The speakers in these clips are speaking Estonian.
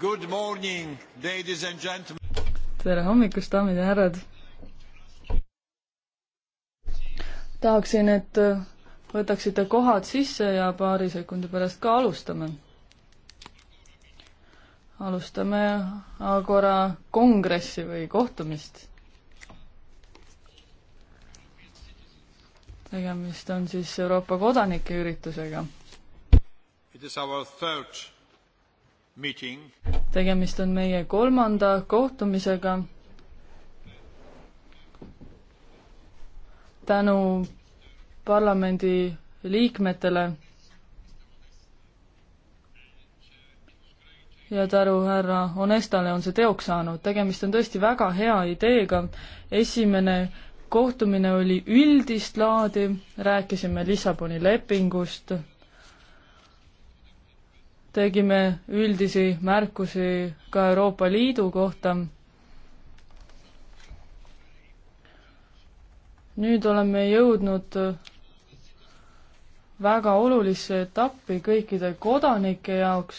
Good morning, ladies and gentlemen. tere hommikust, daamid ja härrad. tahaksin, et äh, võtaksite kohad sisse ja paari sekundi pärast ka alustame. alustame Agora kongressi või kohtumist. tegemist on siis Euroopa kodanike üritusega. It is our third tegemist on meie kolmanda kohtumisega. tänu parlamendi liikmetele ja tänu härra Onestale on see teoks saanud. tegemist on tõesti väga hea ideega. esimene kohtumine oli üldist laadi, rääkisime Lissaboni lepingust tegime üldisi märkusi ka Euroopa Liidu kohta. nüüd oleme jõudnud väga olulisse etappi kõikide kodanike jaoks,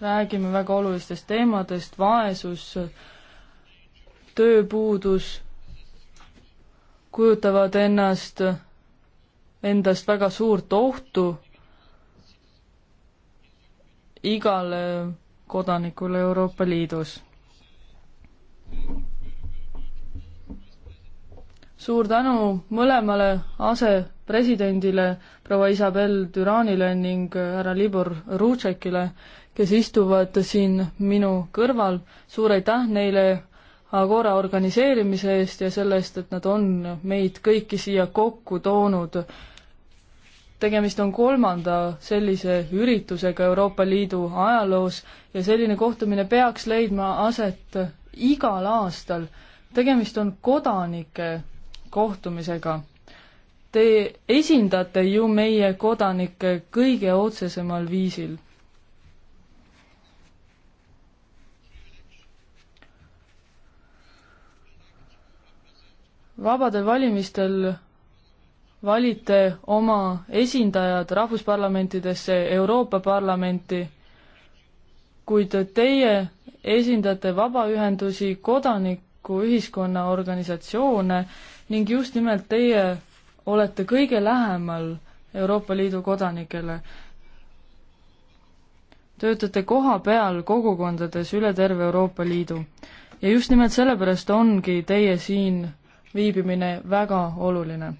räägime väga olulistest teemadest, vaesus, tööpuudus, kujutavad ennast, endast väga suurt ohtu igale kodanikule Euroopa Liidus. suur tänu mõlemale asepresidendile, proua Isabel Düranile ning härra Libor Rutšekile, kes istuvad siin minu kõrval, suur aitäh neile Agora organiseerimise eest ja selle eest, et nad on meid kõiki siia kokku toonud tegemist on kolmanda sellise üritusega Euroopa Liidu ajaloos ja selline kohtumine peaks leidma aset igal aastal. tegemist on kodanike kohtumisega. Te esindate ju meie kodanikke kõige otsesemal viisil. vabadel valimistel valite oma esindajad rahvusparlamentidesse, Euroopa Parlamenti, kuid teie esindate vabaühendusi, kodanikuühiskonna organisatsioone ning just nimelt teie olete kõige lähemal Euroopa Liidu kodanikele. töötate koha peal kogukondades üle terve Euroopa Liidu. ja just nimelt sellepärast ongi teie siin viibimine väga oluline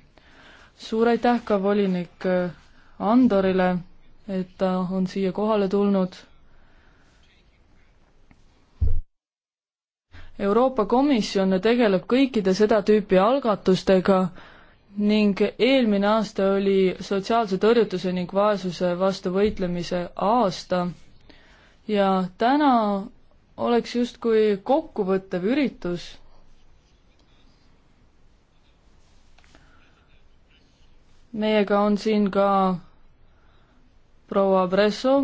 suur aitäh ka volinik äh, Andorile, et ta on siia kohale tulnud. Euroopa Komisjon tegeleb kõikide seda tüüpi algatustega ning eelmine aasta oli sotsiaalse tõrjutuse ning vaesuse vastu võitlemise aasta ja täna oleks justkui kokkuvõttev üritus meiega on siin ka proua Bresso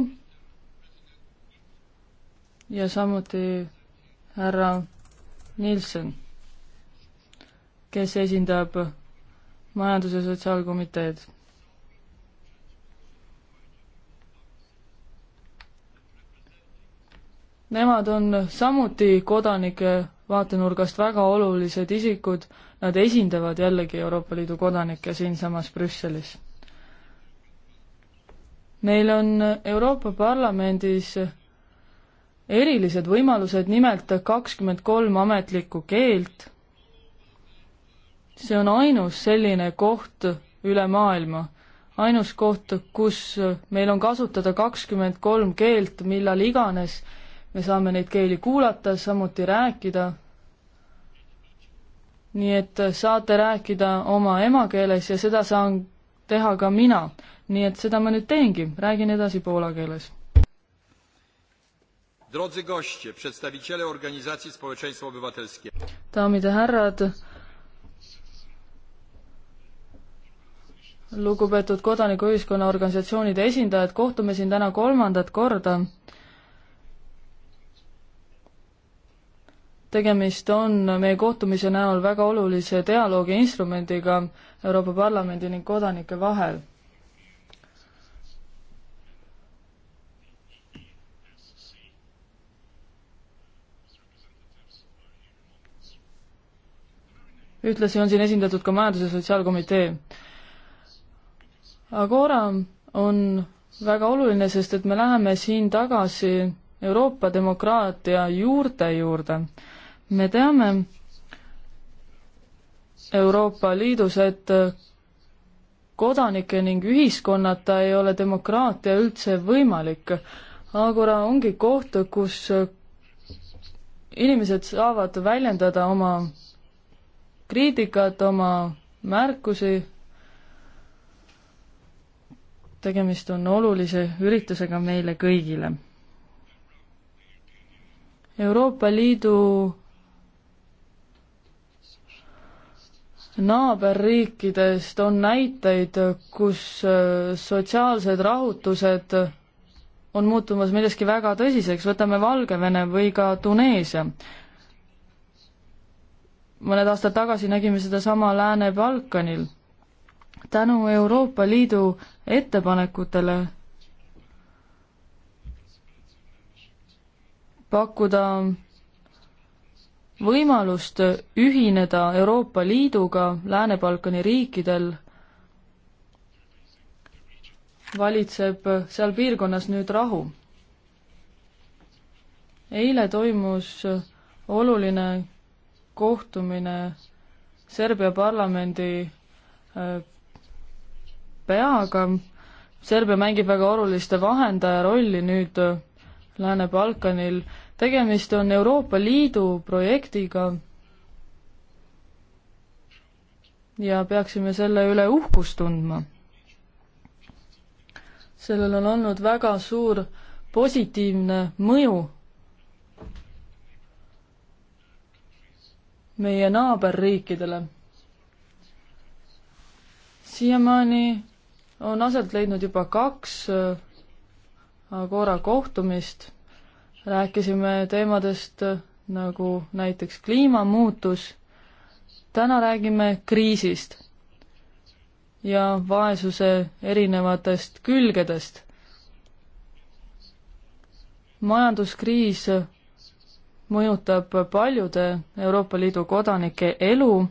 ja samuti härra Nilsen, kes esindab majandus- ja sotsiaalkomiteed. Nemad on samuti kodanike vaatenurgast väga olulised isikud nad esindavad jällegi Euroopa Liidu kodanikke siinsamas Brüsselis. Neil on Euroopa Parlamendis erilised võimalused, nimelt kakskümmend kolm ametlikku keelt. see on ainus selline koht üle maailma, ainus koht, kus meil on kasutada kakskümmend kolm keelt, millal iganes me saame neid keeli kuulata, samuti rääkida nii et äh, saate rääkida oma emakeeles ja seda saan teha ka mina. nii et seda ma nüüd teengi, räägin edasi poola keeles. daamid ja härrad, lugupeetud kodanikuühiskonna organisatsioonide esindajad, kohtume siin täna kolmandat korda tegemist on meie kohtumise näol väga olulise dialoogi instrumendiga Euroopa Parlamendi ning kodanike vahel. ühtlasi on siin esindatud ka Majandus- ja Sotsiaalkomitee. Agora on väga oluline, sest et me läheme siin tagasi Euroopa demokraatia juurte juurde, juurde me teame Euroopa Liidus, et kodanike ning ühiskonnata ei ole demokraatia üldse võimalik. Agora ongi koht, kus inimesed saavad väljendada oma kriitikat, oma märkusi. tegemist on olulise üritusega meile kõigile. Euroopa Liidu naaberriikidest on näiteid, kus äh, sotsiaalsed rahutused on muutumas milleski väga tõsiseks, võtame Valgevene või ka Tuneesia. mõned aastad tagasi nägime sedasama Lääne-Balkanil. tänu Euroopa Liidu ettepanekutele pakkuda võimalust ühineda Euroopa Liiduga Lääne-Balkani riikidel valitseb seal piirkonnas nüüd rahu. eile toimus oluline kohtumine Serbia parlamendi äh, peaga. Serbia mängib väga oluliste vahendaja rolli nüüd äh, Lääne-Balkanil tegemist on Euroopa Liidu projektiga ja peaksime selle üle uhkust tundma. sellel on olnud väga suur positiivne mõju meie naaberriikidele. siiamaani on aset leidnud juba kaks äh, Agora kohtumist rääkisime teemadest nagu näiteks kliimamuutus, täna räägime kriisist ja vaesuse erinevatest külgedest. majanduskriis mõjutab paljude Euroopa Liidu kodanike elu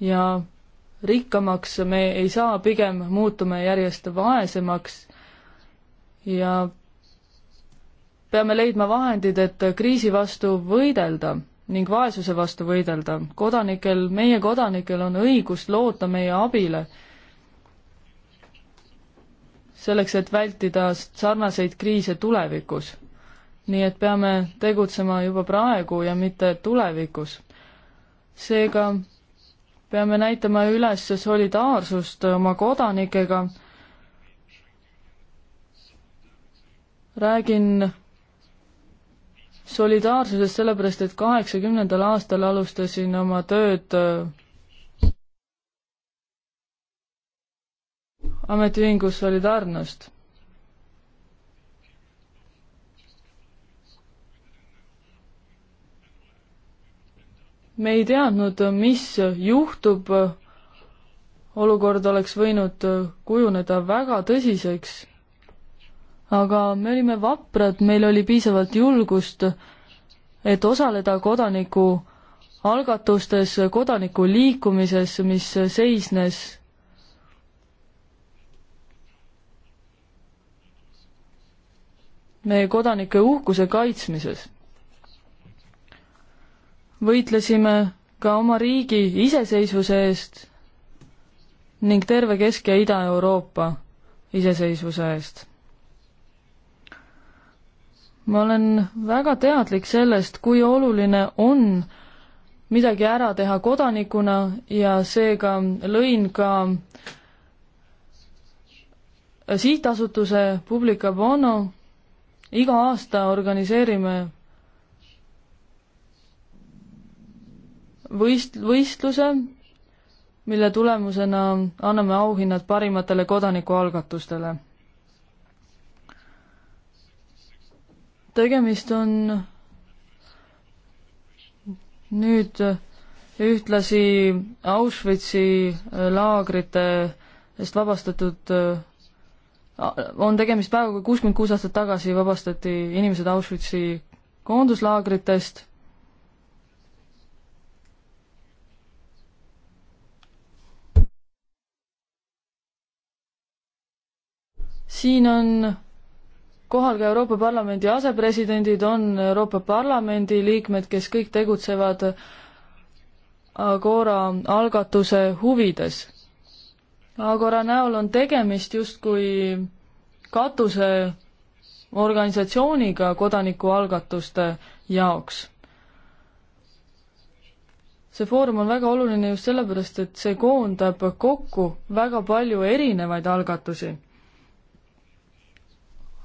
ja rikkamaks me ei saa, pigem muutume järjest vaesemaks ja peame leidma vahendid, et kriisi vastu võidelda ning vaesuse vastu võidelda. kodanikel, meie kodanikel on õigus loota meie abile, selleks, et vältida sarnaseid kriise tulevikus. nii et peame tegutsema juba praegu ja mitte tulevikus. seega peame näitama üles solidaarsust oma kodanikega räägin solidaarsusest, sellepärast et kaheksakümnendal aastal alustasin oma tööd äh, ametiühingus Solidaarnost. me ei teadnud, mis juhtub, olukord oleks võinud kujuneda väga tõsiseks aga me olime vaprad, meil oli piisavalt julgust, et osaleda kodaniku algatustes, kodanikuliikumises, mis seisnes meie kodanike uhkuse kaitsmises. võitlesime ka oma riigi iseseisvuse eest ning terve Kesk- ja Ida-Euroopa iseseisvuse eest ma olen väga teadlik sellest, kui oluline on midagi ära teha kodanikuna ja seega lõin ka sihtasutuse Publica Bono. iga aasta organiseerime võist-, võistluse, mille tulemusena anname auhinnad parimatele kodanikualgatustele tegemist on nüüd ühtlasi Auschwitzi äh, laagritest vabastatud, äh, on tegemist päevaga, kui kuuskümmend kuus aastat tagasi vabastati inimesed Auschwitzi koonduslaagritest. siin on kohal ka Euroopa Parlamendi asepresidendid, on Euroopa Parlamendi liikmed, kes kõik tegutsevad Agora algatuse huvides. Agora näol on tegemist justkui katuseorganisatsiooniga kodanikualgatuste jaoks see foorum on väga oluline just sellepärast, et see koondab kokku väga palju erinevaid algatusi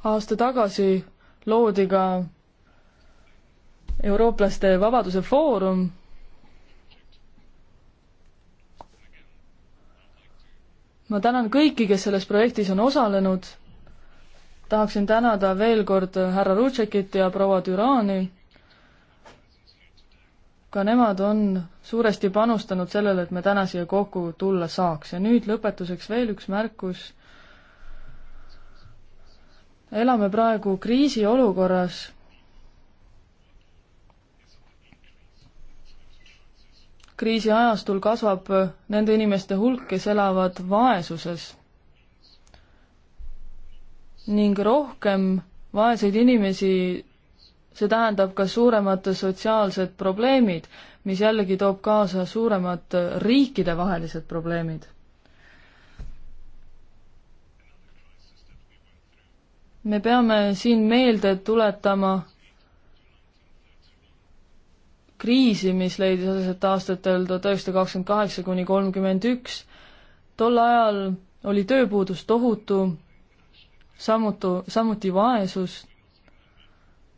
aasta tagasi loodi ka eurooplaste Vabaduse Foorum, ma tänan kõiki, kes selles projektis on osalenud, tahaksin tänada veel kord härra Rutšekit ja proua Türaani, ka nemad on suuresti panustanud sellele, et me täna siia kokku tulla saaks ja nüüd lõpetuseks veel üks märkus elame praegu kriisiolukorras, kriisi ajastul kasvab nende inimeste hulk, kes elavad vaesuses. ning rohkem vaeseid inimesi, see tähendab ka suuremad sotsiaalsed probleemid, mis jällegi toob kaasa suuremad riikidevahelised probleemid me peame siin meelde tuletama kriisi, mis leidis aset aastatel tuhat üheksasada kakskümmend kaheksa kuni kolmkümmend üks. tol ajal oli tööpuudus tohutu, samutu, samuti vaesus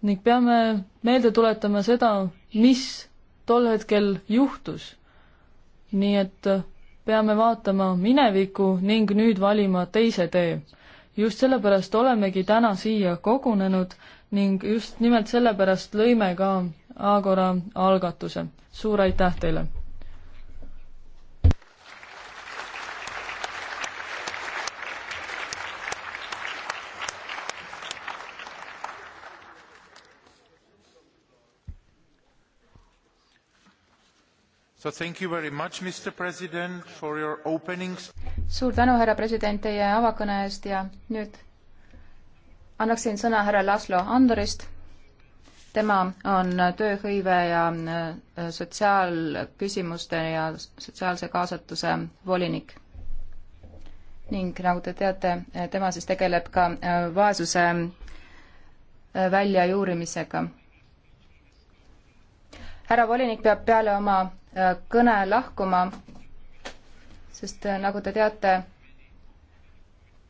ning peame meelde tuletama seda, mis tol hetkel juhtus. nii et peame vaatama minevikku ning nüüd valima teise tee just sellepärast olemegi täna siia kogunenud ning just nimelt sellepärast lõime ka Agora algatuse. suur aitäh teile! So thank you very much, Mr President, for your openings. suur tänu, härra president, teie avakõne eest ja nüüd annaksin sõna härra Laslo Andorist. tema on tööhõive ja äh, sotsiaalküsimuste ja sotsiaalse kaasatuse volinik. ning nagu te teate, tema siis tegeleb ka äh, vaesuse äh, väljajuurimisega. härra volinik peab peale oma kõne lahkuma, sest äh, nagu te teate,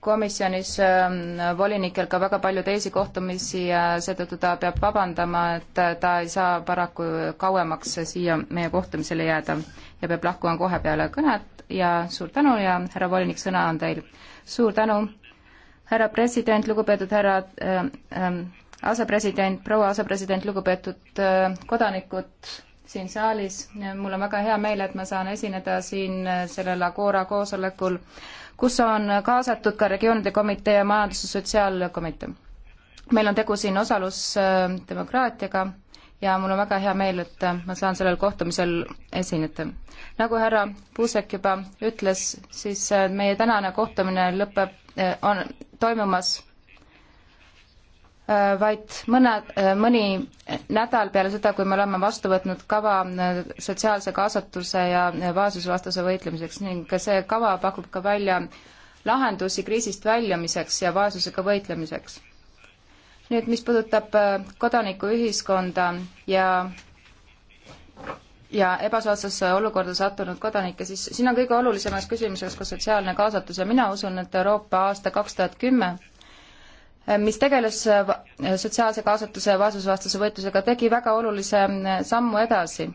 komisjonis ähm, volinikel ka väga palju teisi kohtumisi ja seetõttu ta peab vabandama, et äh, ta ei saa paraku kauemaks siia meie kohtumisele jääda ja peab lahkuma kohe peale kõnet ja suur tänu ja härra volinik, sõna on teil. suur tänu, härra president, lugupeetud härra äh, äh, asepresident, proua asepresident, lugupeetud äh, kodanikud siin saalis. mul on väga hea meel, et ma saan esineda siin sellel Agora koosolekul, kus on kaasatud ka regioonide komitee ja majandus- ja sotsiaalkomitee. meil on tegu siin osalusdemokraatiaga ja mul on väga hea meel, et ma saan sellel kohtumisel esineda. nagu härra Puusek juba ütles, siis meie tänane kohtumine lõpeb, eh, on toimumas Äh, vaid mõne, äh, mõni nädal peale seda, kui me oleme vastu võtnud kava äh, sotsiaalse kaasatuse ja vaesusvastase võitlemiseks ning see kava pakub ka välja lahendusi kriisist väljumiseks ja vaesusega võitlemiseks. nüüd, mis puudutab kodanikuühiskonda ja ja ebasoodsasse olukorda sattunud kodanikke, siis siin on kõige olulisemas küsimuses ka sotsiaalne kaasatus ja mina usun, et Euroopa aasta kaks tuhat kümme mis tegeles äh, sotsiaalse kaasatuse ja vaesusvastase võitlusega, tegi väga olulise äh, sammu edasi.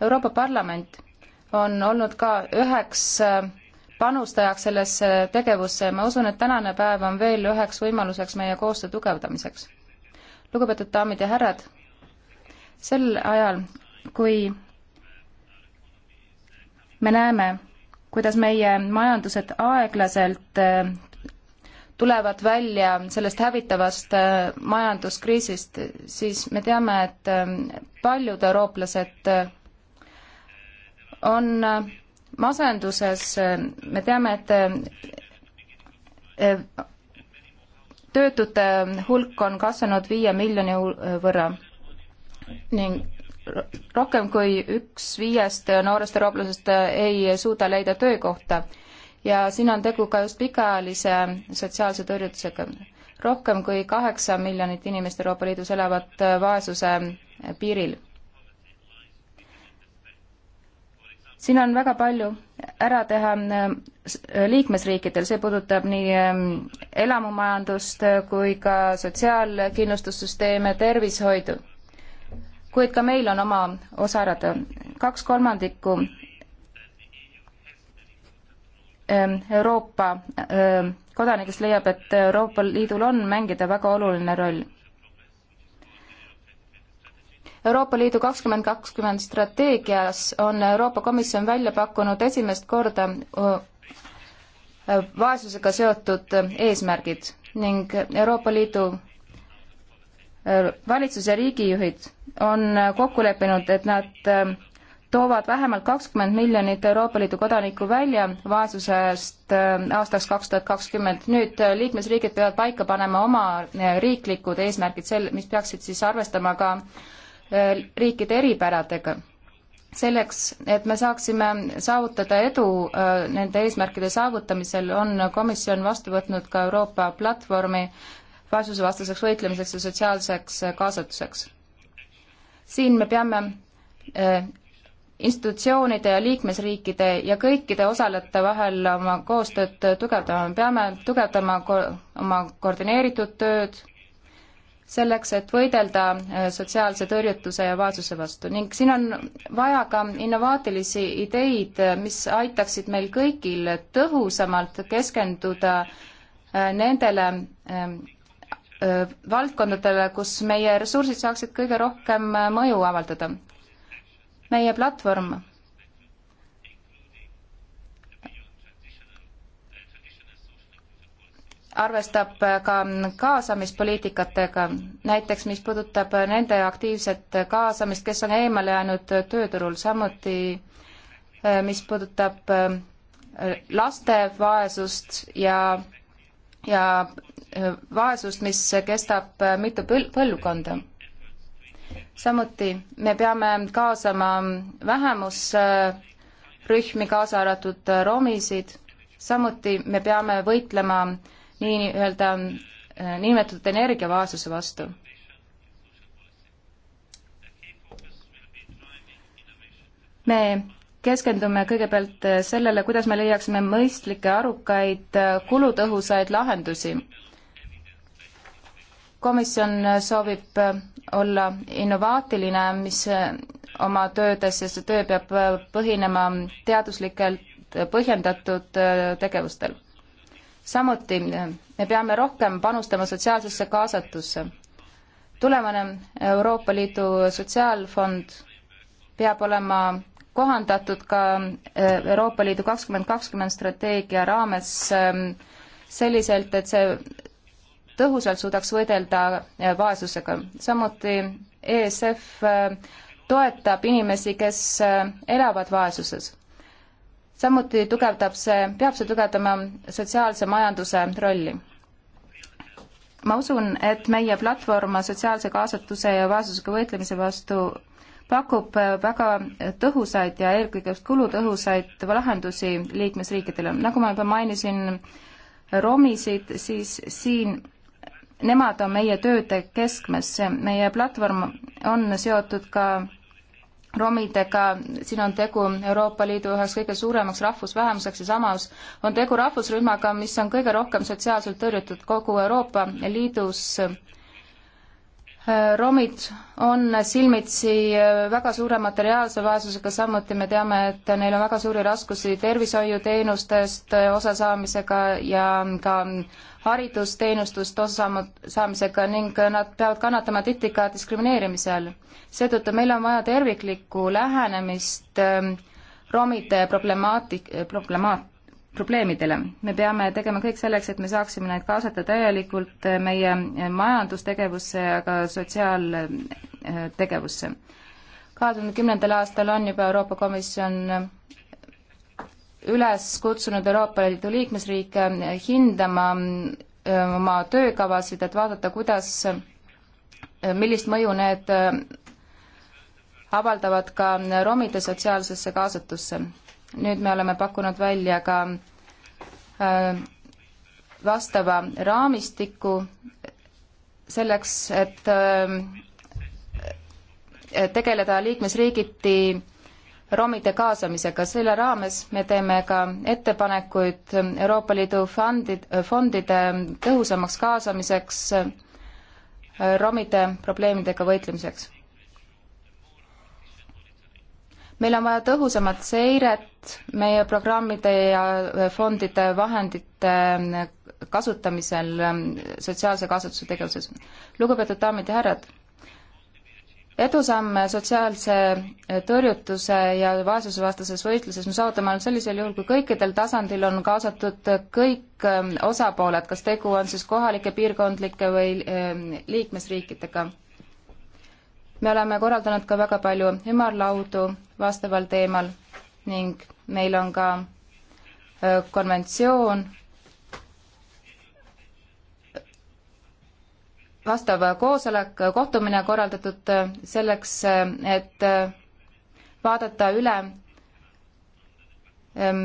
Euroopa Parlament on olnud ka üheks äh, panustajaks sellesse tegevusse ja ma usun, et tänane päev on veel üheks võimaluseks meie koostöö tugevdamiseks. lugupeetud daamid ja härrad, sel ajal, kui me näeme, kuidas meie majandused aeglaselt tulevad välja sellest hävitavast äh, majanduskriisist, siis me teame, et äh, paljud eurooplased äh, on masenduses, me teame, et töötute hulk on kasvanud viie miljoni võrra ning rohkem kui üks viiest noorest eurooplasest ei suuda leida töökohta ja siin on tegu ka just pikaajalise sotsiaalse tõrjutusega. rohkem kui kaheksa miljonit inimest Euroopa Liidus elavad äh, vaesuse äh, piiril. siin on väga palju ära teha äh, liikmesriikidel, see puudutab nii ähm, elamumajandust kui ka sotsiaalkindlustussüsteeme, tervishoidu. kuid ka meil on oma osa ära teha. kaks kolmandikku Ehm, Euroopa ehm, kodanikest leiab, et Euroopa Liidul on mängida väga oluline roll. Euroopa Liidu kakskümmend kakskümmend strateegias on Euroopa Komisjon välja pakkunud esimest korda eh, vaesusega seotud eh, eesmärgid ning Euroopa Liidu eh, valitsus ja riigijuhid on kokku leppinud, et nad toovad vähemalt kakskümmend miljonit Euroopa Liidu kodanikku välja vaesusest äh, aastaks kaks tuhat kakskümmend. nüüd äh, liikmesriigid peavad paika panema oma äh, riiklikud eesmärgid sel-, mis peaksid siis arvestama ka riikide eripäradega. selleks, et me saaksime saavutada edu nende eesmärkide saavutamisel, on komisjon vastu võtnud ka Euroopa platvormi vaesusevastaseks võitlemiseks ja sotsiaalseks kaasatuseks. siin me peame institutsioonide ja liikmesriikide ja kõikide osalejate vahel oma koostööd tugevdama, me peame tugevdama ko oma koordineeritud tööd selleks, et võidelda äh, sotsiaalse tõrjutuse ja vaesuse vastu ning siin on vaja ka innovaatilisi ideid, äh, mis aitaksid meil kõigil tõhusamalt keskenduda äh, nendele ähm, valdkondadele, kus meie ressursid saaksid kõige rohkem mõju avaldada meie platvorm arvestab ka kaasamispoliitikatega, näiteks mis puudutab nende aktiivset kaasamist, kes on eemale jäänud tööturul, samuti eh, mis puudutab eh, laste vaesust ja, ja eh, vaesust, mis kestab mitu põlvkonda samuti me peame kaasama vähemusrühmi, kaasa arvatud romisid, samuti me peame võitlema nii-öelda eh, niinimetatud energiavaesuse vastu. me keskendume kõigepealt sellele, kuidas me leiaksime mõistlikke, arukaid, kulutõhusaid lahendusi komisjon soovib äh, olla innovaatiline, mis äh, oma töödes ja see töö peab äh, põhinema teaduslikelt põhjendatud tegevustel. samuti me peame rohkem panustama sotsiaalsesse kaasatusse. tulevane Euroopa Liidu Sotsiaalfond peab olema kohandatud ka Euroopa Liidu kakskümmend kakskümmend strateegia raames ähm, selliselt, et see tõhusalt suudaks võidelda äh, vaesusega. samuti ESF äh, toetab inimesi, kes äh, elavad vaesuses. samuti tugevdab see, peab see tugevdama sotsiaalse majanduse rolli. ma usun, et meie platvorm sotsiaalse kaasatuse ja vaesusega võitlemise vastu pakub väga tõhusaid ja eelkõige just kulutõhusaid lahendusi liikmesriikidele. nagu ma juba mainisin, romisid, siis siin nemad on meie tööde keskmes, meie platvorm on seotud ka romidega, siin on tegu Euroopa Liidu üheks kõige suuremaks rahvusvähemuseks ja samas on tegu rahvusrühmaga, mis on kõige rohkem sotsiaalselt tõrjutud kogu Euroopa Liidus. romid on silmitsi väga suure materiaalse vaesusega, samuti me teame, et neil on väga suuri raskusi tervishoiuteenustest osasaamisega ja ka haridusteenustust osasaamisega ning nad peavad kannatama tihti ka diskrimineerimise all. seetõttu meil on vaja terviklikku lähenemist ähm, romide problemaatik-, problemaat-, probleemidele. me peame tegema kõik selleks, et me saaksime neid kaasata täielikult äh, meie äh, majandustegevusse ja ka sotsiaaltegevusse. Äh, kahe tuhande kümnendal aastal on juba Euroopa Komisjon üles kutsunud Euroopa Liidu liikmesriike hindama äh, oma töökavasid, et vaadata, kuidas, äh, millist mõju need äh, avaldavad ka romide sotsiaalsesse kaasatusse. nüüd me oleme pakkunud välja ka vastava raamistiku selleks, et tegeleda liikmesriigiti romide kaasamisega, selle raames me teeme ka ettepanekuid Euroopa Liidu fondid, fondide tõhusamaks kaasamiseks romide probleemidega võitlemiseks. meil on vaja tõhusamat seiret meie programmide ja fondide vahendite kasutamisel sotsiaalse kaasatuse tegevuses. lugupeetud daamid ja härrad edusamme sotsiaalse eh, tõrjutuse ja vaesusevastases võitluses me saavutame ainult sellisel juhul, kui kõikidel tasandil on kaasatud kõik eh, osapooled, kas tegu on siis kohalike, piirkondlike või eh, liikmesriikidega. me oleme korraldanud ka väga palju ümarlaudu vastaval teemal ning meil on ka konventsioon vastav koosolek, kohtumine korraldatud äh, selleks, äh, et äh, vaadata üle, ähm,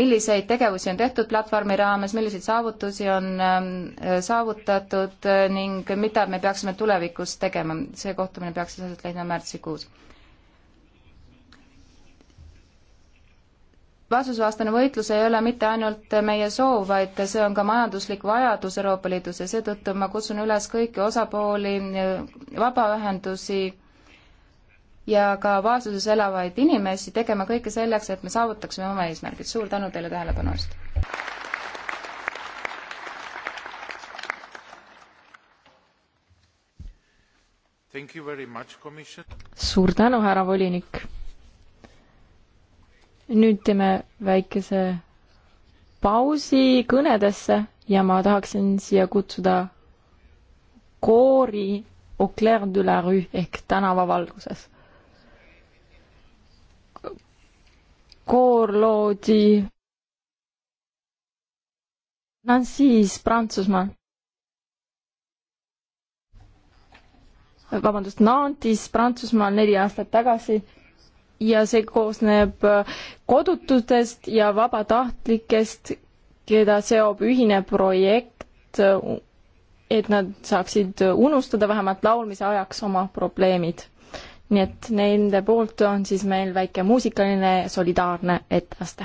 milliseid tegevusi on tehtud platvormi raames, milliseid saavutusi on ähm, saavutatud ning mida me peaksime tulevikus tegema. see kohtumine peaks siis aset leidma märtsikuus vaesusvastane võitlus ei ole mitte ainult meie soov, vaid see on ka majanduslik vajadus Euroopa Liidus ja seetõttu ma kutsun üles kõiki osapooli, vabaühendusi ja ka vaesuses elavaid inimesi tegema kõike selleks, et me saavutaksime oma eesmärgid. suur tänu teile tähelepanu eest! suur tänu, härra volinik! nüüd teeme väikese pausi kõnedesse ja ma tahaksin siia kutsuda koori Au clair de la rue ehk tänavavalguses. koor loodi Nancy's Prantsusmaal. vabandust, Nantes Prantsusmaal neli aastat tagasi ja see koosneb äh, kodututest ja vabatahtlikest, keda seob ühine projekt, äh, et nad saaksid äh, unustada vähemalt laulmise ajaks oma probleemid. nii et nende poolt on siis meil väike muusikaline solidaarne etteaste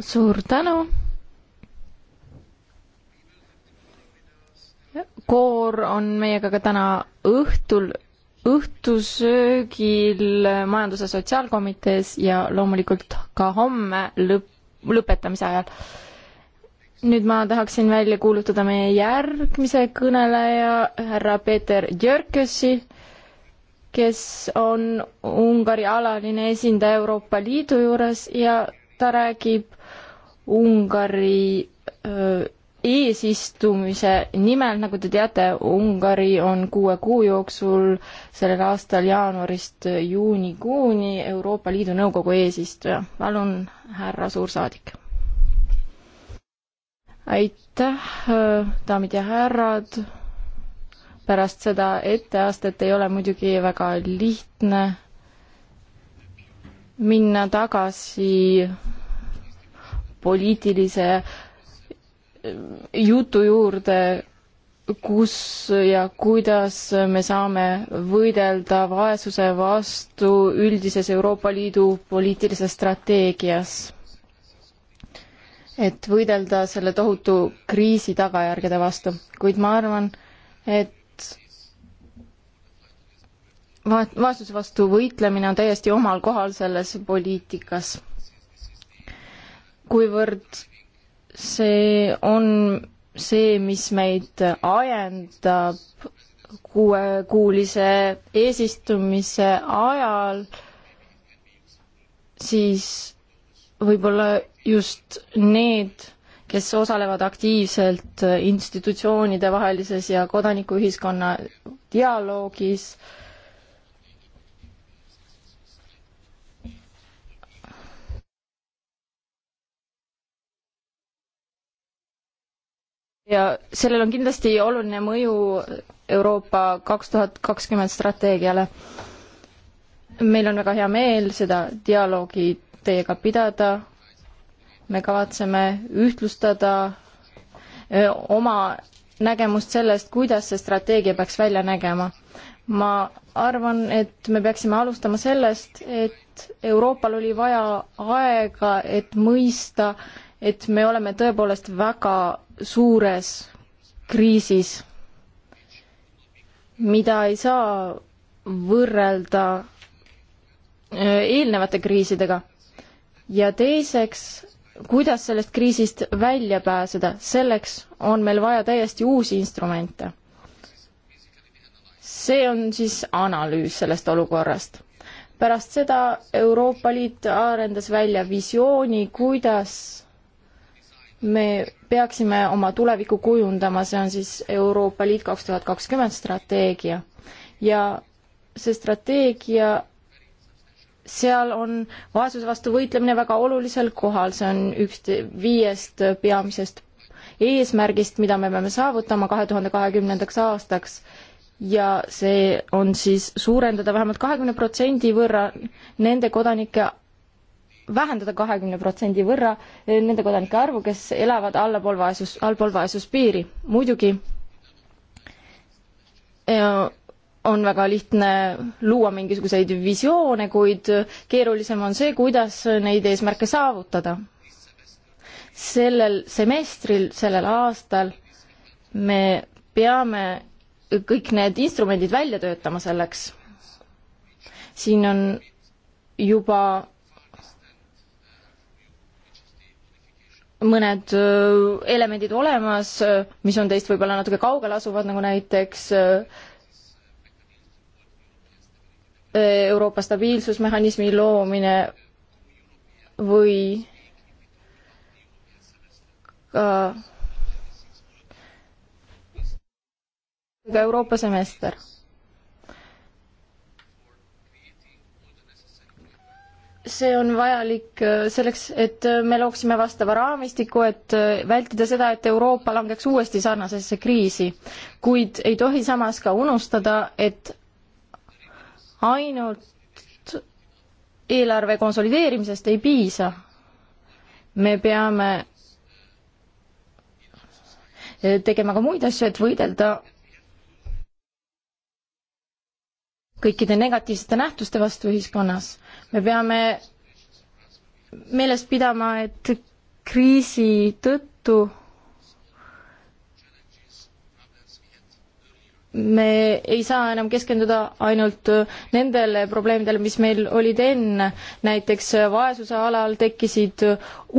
suur tänu. koor on meiega ka täna õhtul õhtusöögil Majandus- ja Sotsiaalkomitees ja loomulikult ka homme lõpp, lõpetamise ajal. nüüd ma tahaksin välja kuulutada meie järgmise kõneleja, härra Peeter Jörkösi kes on Ungari alaline esindaja Euroopa Liidu juures ja ta räägib Ungari öö, eesistumise nimel, nagu te teate, Ungari on kuue kuu jooksul sellel aastal jaanuarist juunikuuni Euroopa Liidu Nõukogu eesistuja. palun, härra suursaadik. aitäh, daamid ja härrad pärast seda etteastet ei ole muidugi väga lihtne minna tagasi poliitilise eh, jutu juurde, kus ja kuidas me saame võidelda vaesuse vastu üldises Euroopa Liidu poliitilises strateegias. et võidelda selle tohutu kriisi tagajärgede vastu, kuid ma arvan, et va-, vaesuse vastu võitlemine on täiesti omal kohal selles poliitikas. kuivõrd see on see, mis meid ajendab kuuekuulise eesistumise ajal, siis võib-olla just need, kes osalevad aktiivselt institutsioonide vahelises ja kodanikuühiskonna dialoogis äh, ja sellel on kindlasti oluline mõju Euroopa kaks tuhat kakskümmend strateegiale. meil on väga hea meel seda dialoogi teiega pidada, me kavatseme ühtlustada e, oma nägemust sellest, kuidas see strateegia peaks välja nägema. ma arvan, et me peaksime alustama sellest, et Euroopal oli vaja aega, et mõista, et me oleme tõepoolest väga suures kriisis, mida ei saa võrrelda äh, eelnevate kriisidega. ja teiseks, kuidas sellest kriisist välja pääseda, selleks on meil vaja täiesti uusi instrumente. see on siis analüüs sellest olukorrast. pärast seda Euroopa Liit arendas välja visiooni, kuidas me peaksime oma tulevikku kujundama, see on siis Euroopa Liit kaks tuhat kakskümmend strateegia ja see strateegia, seal on vaesuse vastu võitlemine väga olulisel kohal, see on üks viiest peamisest eesmärgist, mida me peame saavutama kahe tuhande kahekümnendaks aastaks ja see on siis suurendada vähemalt kahekümne protsendi võrra nende kodanike vähendada kahekümne protsendi võrra eh, nende kodanike arvu, kes elavad allapool vaesus, allpool vaesuspiiri. muidugi eh, on väga lihtne luua mingisuguseid visioone, kuid keerulisem on see, kuidas neid eesmärke saavutada. sellel semestril, sellel aastal me peame kõik need instrumendid välja töötama selleks. siin on juba mõned elemendid olemas, mis on teist võib-olla natuke kaugel asuvad, nagu näiteks Euroopa stabiilsusmehhanismi loomine või ka ka Euroopa semester see on vajalik äh, selleks, et äh, me looksime vastava raamistiku, et äh, vältida seda, et Euroopa langeks uuesti sarnasesse kriisi. kuid ei tohi samas ka unustada, et ainult eelarve konsolideerimisest ei piisa. me peame tegema ka muid asju, et võidelda kõikide negatiivsete nähtuste vastu ühiskonnas. me peame meeles pidama, et kriisi tõttu me ei saa enam keskenduda ainult nendele probleemidele, mis meil olid enne, näiteks vaesuse alal tekkisid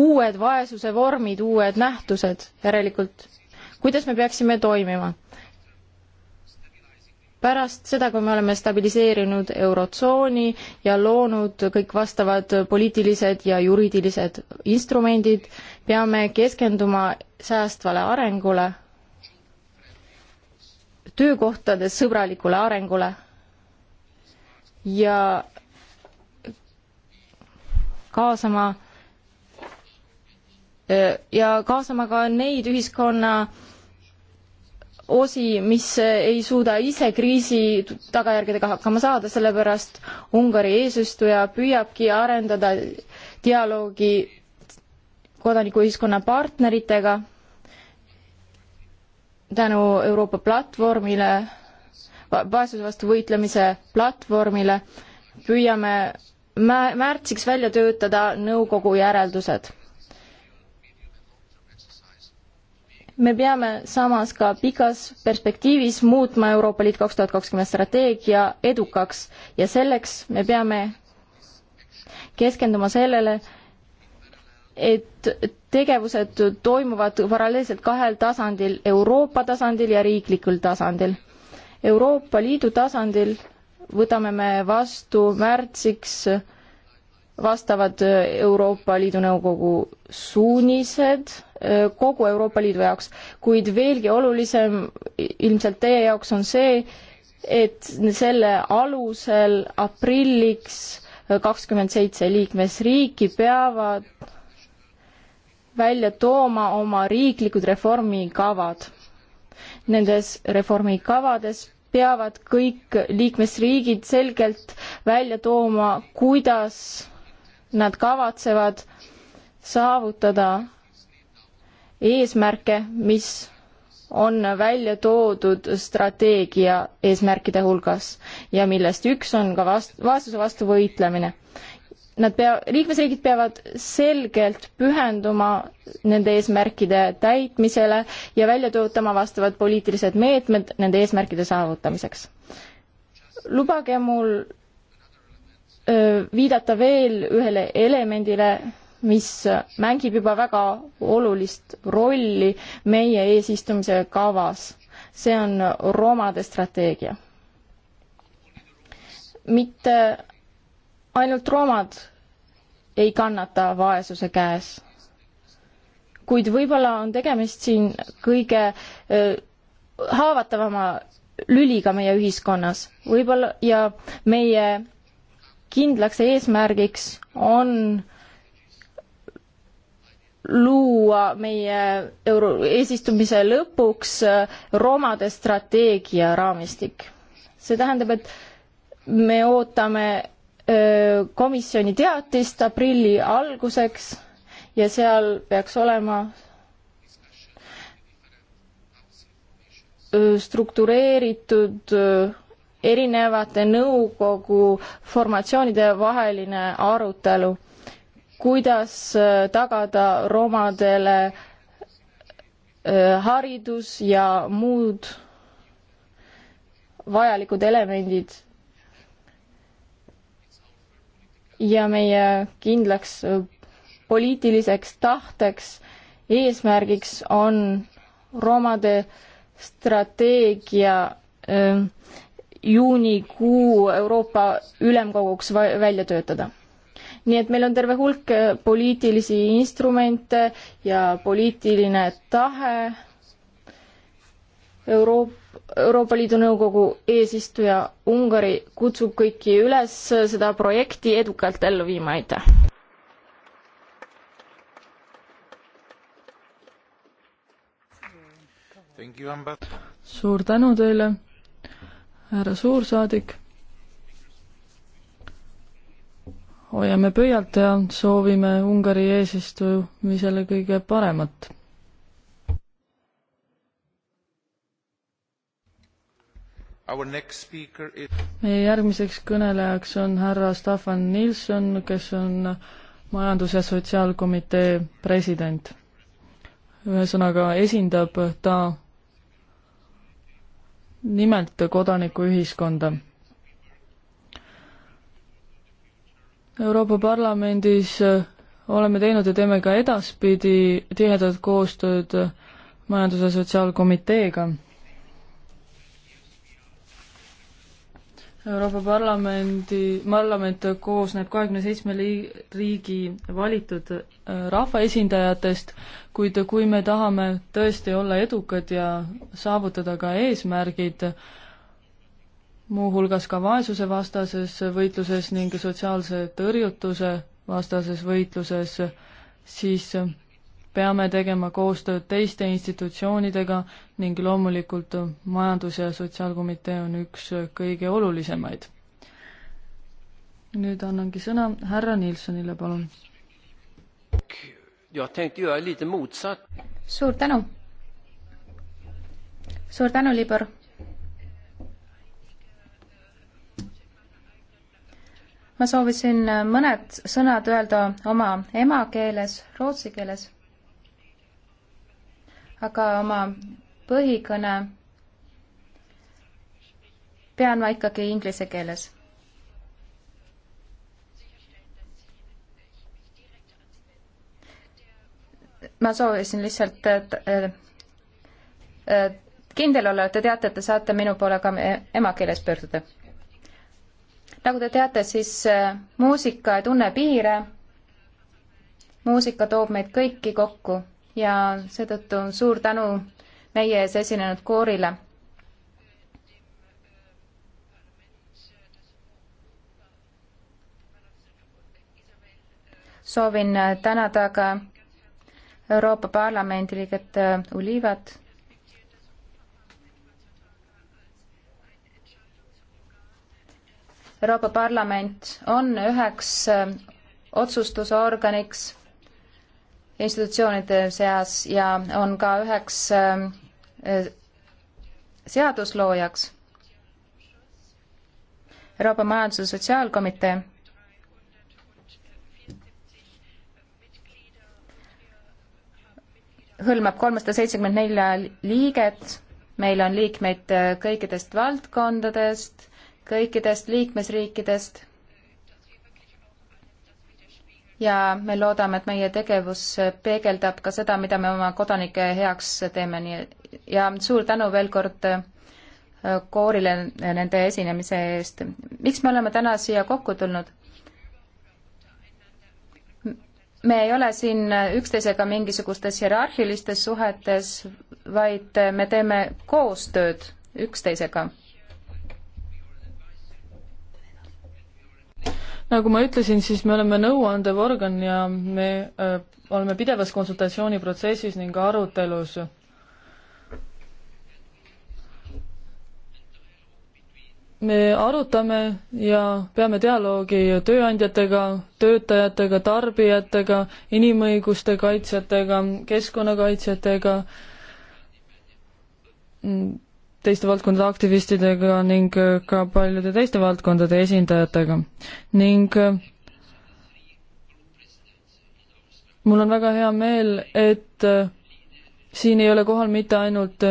uued vaesuse vormid, uued nähtused järelikult. kuidas me peaksime toimima? pärast seda, kui me oleme stabiliseerinud Eurotsooni ja loonud kõik vastavad poliitilised ja juriidilised instrumendid, peame keskenduma säästvale arengule, töökohtades sõbralikule arengule ja kaasama ja kaasama ka neid ühiskonna osi, mis ei suuda ise kriisi tagajärgedega hakkama saada, sellepärast Ungari eesistuja püüabki arendada dialoogi kodanikuühiskonna partneritega tänu Euroopa platvormile, vaesuse vastu võitlemise platvormile, püüame mä-, märtsiks välja töötada nõukogu järeldused me peame samas ka pikas perspektiivis muutma Euroopa Liit kaks tuhat kakskümmend strateegia edukaks ja selleks me peame keskenduma sellele, et tegevused toimuvad paralleelselt kahel tasandil, Euroopa tasandil ja riiklikul tasandil. Euroopa Liidu tasandil võtame me vastu märtsiks vastavad Euroopa Liidu Nõukogu suunised kogu Euroopa Liidu jaoks. kuid veelgi olulisem ilmselt teie jaoks on see, et selle alusel aprilliks kakskümmend seitse liikmesriiki peavad välja tooma oma riiklikud reformikavad. Nendes reformikavades peavad kõik liikmesriigid selgelt välja tooma, kuidas nad kavatsevad saavutada eesmärke, mis on välja toodud strateegia eesmärkide hulgas ja millest üks on ka vast-, vaesuse vastu võitlemine. Nad pea-, liikmesriigid peavad selgelt pühenduma nende eesmärkide täitmisele ja välja töötama vastavad poliitilised meetmed nende eesmärkide saavutamiseks. lubage mul öö, viidata veel ühele elemendile, mis mängib juba väga olulist rolli meie eesistumise kavas. see on romade strateegia. mitte ainult romad ei kannata vaesuse käes, kuid võib-olla on tegemist siin kõige haavatavama lüliga meie ühiskonnas, võib-olla ja meie kindlaks eesmärgiks on äh, luua meie euro-, eesistumise lõpuks äh, romade strateegia raamistik. see tähendab, et me ootame äh, komisjoni teatist aprilli alguseks ja seal peaks olema äh, struktureeritud erinevate nõukogu formatsioonide vaheline arutelu kuidas äh, tagada romadele äh, haridus ja muud vajalikud elemendid. ja meie kindlaks äh, poliitiliseks tahteks, eesmärgiks on romade strateegia juunikuu Euroopa Ülemkoguks välja töötada nii et meil on terve hulk äh, poliitilisi instrumente ja poliitiline tahe Euroopa Euroopa Liidu Nõukogu eesistuja Ungari kutsub kõiki üles seda projekti edukalt ellu viima, aitäh! suur tänu teile, härra suursaadik hoiame pöialt ja soovime Ungari eesistumisele kõige paremat. Is... meie järgmiseks kõnelejaks on härra Staffan Nilsson, kes on majandus- ja sotsiaalkomitee president. ühesõnaga, esindab ta nimelt kodanikuühiskonda Euroopa Parlamendis äh, oleme teinud ja teeme ka edaspidi tihedat koostööd äh, majandus- ja sotsiaalkomiteega. Euroopa Parlamendi, parlament koosneb kahekümne seitsme riigi valitud äh, rahvaesindajatest, kuid kui me tahame tõesti olla edukad ja saavutada ka eesmärgid, muuhulgas ka vaesusevastases võitluses ning sotsiaalse tõrjutuse vastases võitluses, siis peame tegema koostööd teiste institutsioonidega ning loomulikult Majandus- ja Sotsiaalkomitee on üks kõige olulisemaid. nüüd annangi sõna härra Nilssonile, palun. suur tänu. suur tänu, Libor ma soovisin mõned sõnad öelda oma emakeeles, rootsi keeles. aga oma põhikõne pean ma ikkagi inglise keeles ma soovisin lihtsalt kindel olla, et te teate, et te saate minu poole ka emakeeles pöörduda nagu te teate, siis äh, muusika ei tunne piire. muusika toob meid kõiki kokku ja seetõttu suur tänu meie ees esinenud koorile. soovin äh, tänada ka Euroopa Parlamendi liiget Ulivat äh, Euroopa Parlament on üheks äh, otsustusorganiks institutsioonide seas ja on ka üheks äh, äh, seadusloojaks. Euroopa Majandus- ja Sotsiaalkomitee hõlmab kolmsada seitsekümmend nelja liiget, meil on liikmeid kõikidest valdkondadest kõikidest liikmesriikidest. ja me loodame, et meie tegevus peegeldab ka seda, mida me oma kodanike heaks teeme, nii ja suur tänu veel kord äh, koorile nende esinemise eest. miks me oleme täna siia kokku tulnud? me ei ole siin üksteisega mingisugustes hierarhilistes suhetes, vaid me teeme koostööd üksteisega nagu ma ütlesin, siis me oleme nõuandev organ ja me öö, äh, oleme pidevas konsultatsiooniprotsessis ning arutelus. me arutame ja peame dialoogi tööandjatega, töötajatega, tarbijatega, inimõiguste kaitsjatega, keskkonnakaitsjatega mm teiste valdkondade aktivistidega ning äh, ka paljude teiste valdkondade esindajatega ning äh, mul on väga hea meel, et äh, siin ei ole kohal mitte ainult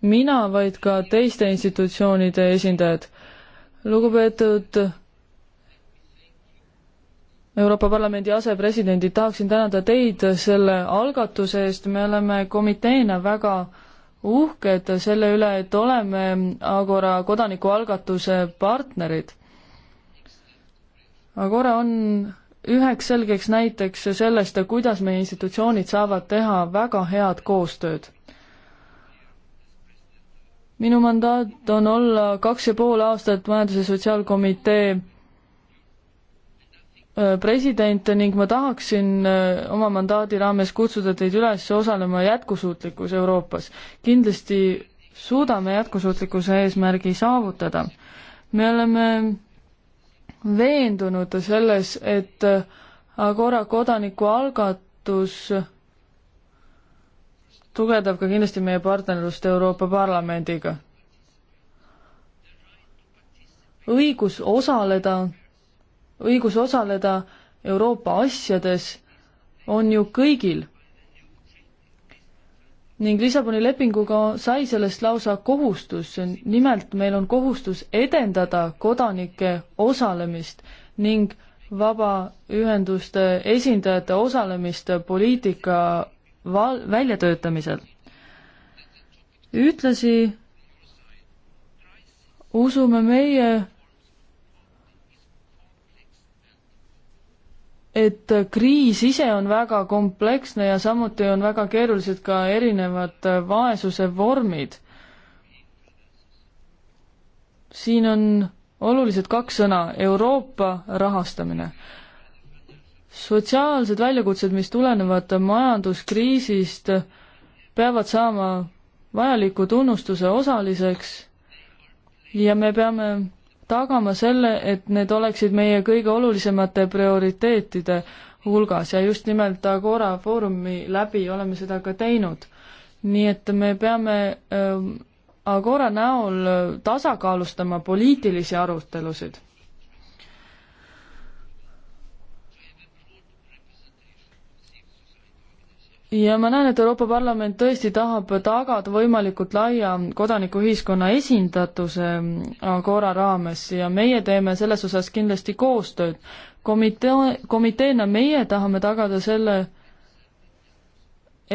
mina, vaid ka teiste institutsioonide esindajad. lugupeetud Euroopa Parlamendi asepresidendid, tahaksin tänada teid selle algatuse eest, me oleme komiteena väga äh, uhked selle üle, et oleme Agora kodanikualgatuse partnerid. Agora on üheks selgeks näiteks sellest, kuidas meie institutsioonid saavad teha väga head koostööd. minu mandaat on olla kaks ja pool aastat Majandus- ja Sotsiaalkomitee Äh, president ning ma tahaksin äh, oma mandaadi raames kutsuda teid üles osalema jätkusuutlikkus Euroopas. kindlasti suudame jätkusuutlikkuse eesmärgi saavutada. me oleme veendunud selles, et äh, Agora kodanikualgatus tugevdab ka kindlasti meie partnerlust Euroopa Parlamendiga. õigus osaleda õigus osaleda Euroopa asjades on ju kõigil. ning Lissaboni lepinguga sai sellest lausa kohustus, nimelt meil on kohustus edendada kodanike osalemist ning vabaühenduste esindajate osalemist poliitika val-, väljatöötamisel. ühtlasi usume meie et kriis ise on väga kompleksne ja samuti on väga keerulised ka erinevad vaesuse vormid. siin on olulised kaks sõna, Euroopa rahastamine. sotsiaalsed väljakutsed, mis tulenevad majanduskriisist, peavad saama vajaliku tunnustuse osaliseks ja me peame tagama selle, et need oleksid meie kõige olulisemate prioriteetide hulgas ja just nimelt Agora Foorumi läbi oleme seda ka teinud. nii et me peame ähm, Agora näol äh, tasakaalustama poliitilisi arutelusid. ja ma näen, et Euroopa Parlament tõesti tahab tagada võimalikult laia kodanikuühiskonna esindatuse Agora raames ja meie teeme selles osas kindlasti koostööd. komitee, komiteena meie tahame tagada selle,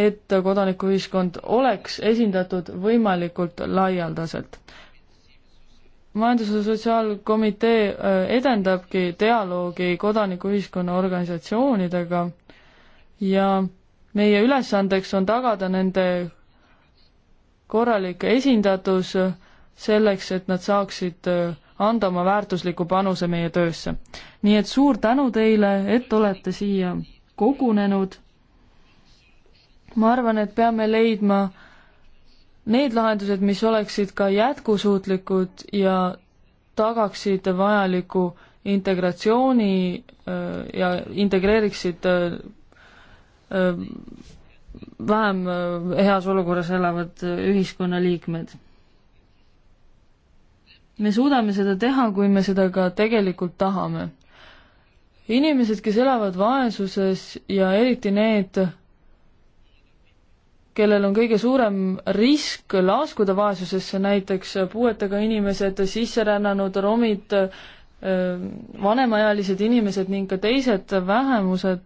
et kodanikuühiskond oleks esindatud võimalikult laialdaselt majandus- ja sotsiaalkomitee äh, edendabki dialoogi kodanikuühiskonna organisatsioonidega ja meie ülesandeks on tagada nende korralik esindatus selleks, et nad saaksid äh, anda oma väärtusliku panuse meie töösse. nii et suur tänu teile, et olete siia kogunenud. ma arvan, et peame leidma need lahendused, mis oleksid ka jätkusuutlikud ja tagaksid vajaliku integratsiooni äh, ja integreeriksid äh, vähem heas olukorras elavad ühiskonnaliikmed. me suudame seda teha, kui me seda ka tegelikult tahame. inimesed, kes elavad vaesuses ja eriti need, kellel on kõige suurem risk laskuda vaesusesse, näiteks puuetega inimesed, sisserännanud, romid, vanemaealised inimesed ning ka teised vähemused,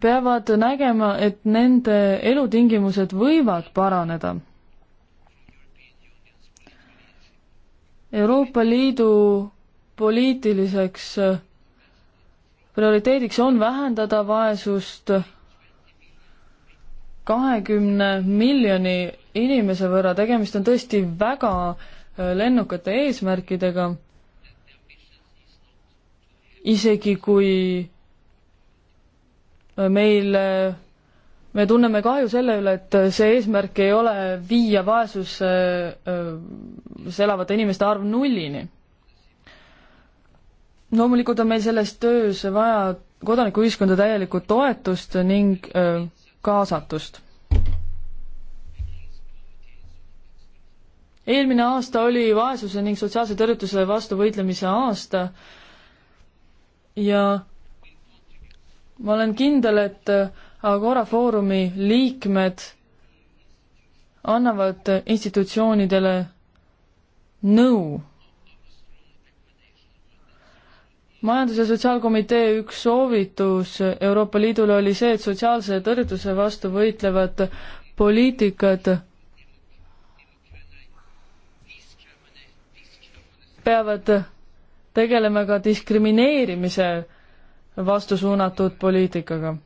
peavad nägema, et nende elutingimused võivad paraneda. Euroopa Liidu poliitiliseks äh, prioriteediks on vähendada vaesust kahekümne miljoni inimese võrra, tegemist on tõesti väga äh, lennukate eesmärkidega. isegi kui meil, me tunneme kahju selle üle, et see eesmärk ei ole viia vaesuses elavate inimeste arv nullini. loomulikult on meil selles töös vaja kodanikuühiskonda täielikku toetust ning kaasatust. eelmine aasta oli vaesuse ning sotsiaalse tõrjutuse vastu võitlemise aasta ja ma olen kindel, et Agora Foorumi liikmed annavad institutsioonidele nõu. majandus- ja sotsiaalkomitee üks soovitus Euroopa Liidule oli see, et sotsiaalse tõrjutuse vastu võitlevad poliitikad peavad tegelema ka diskrimineerimise vastu suunatud poliitikaga.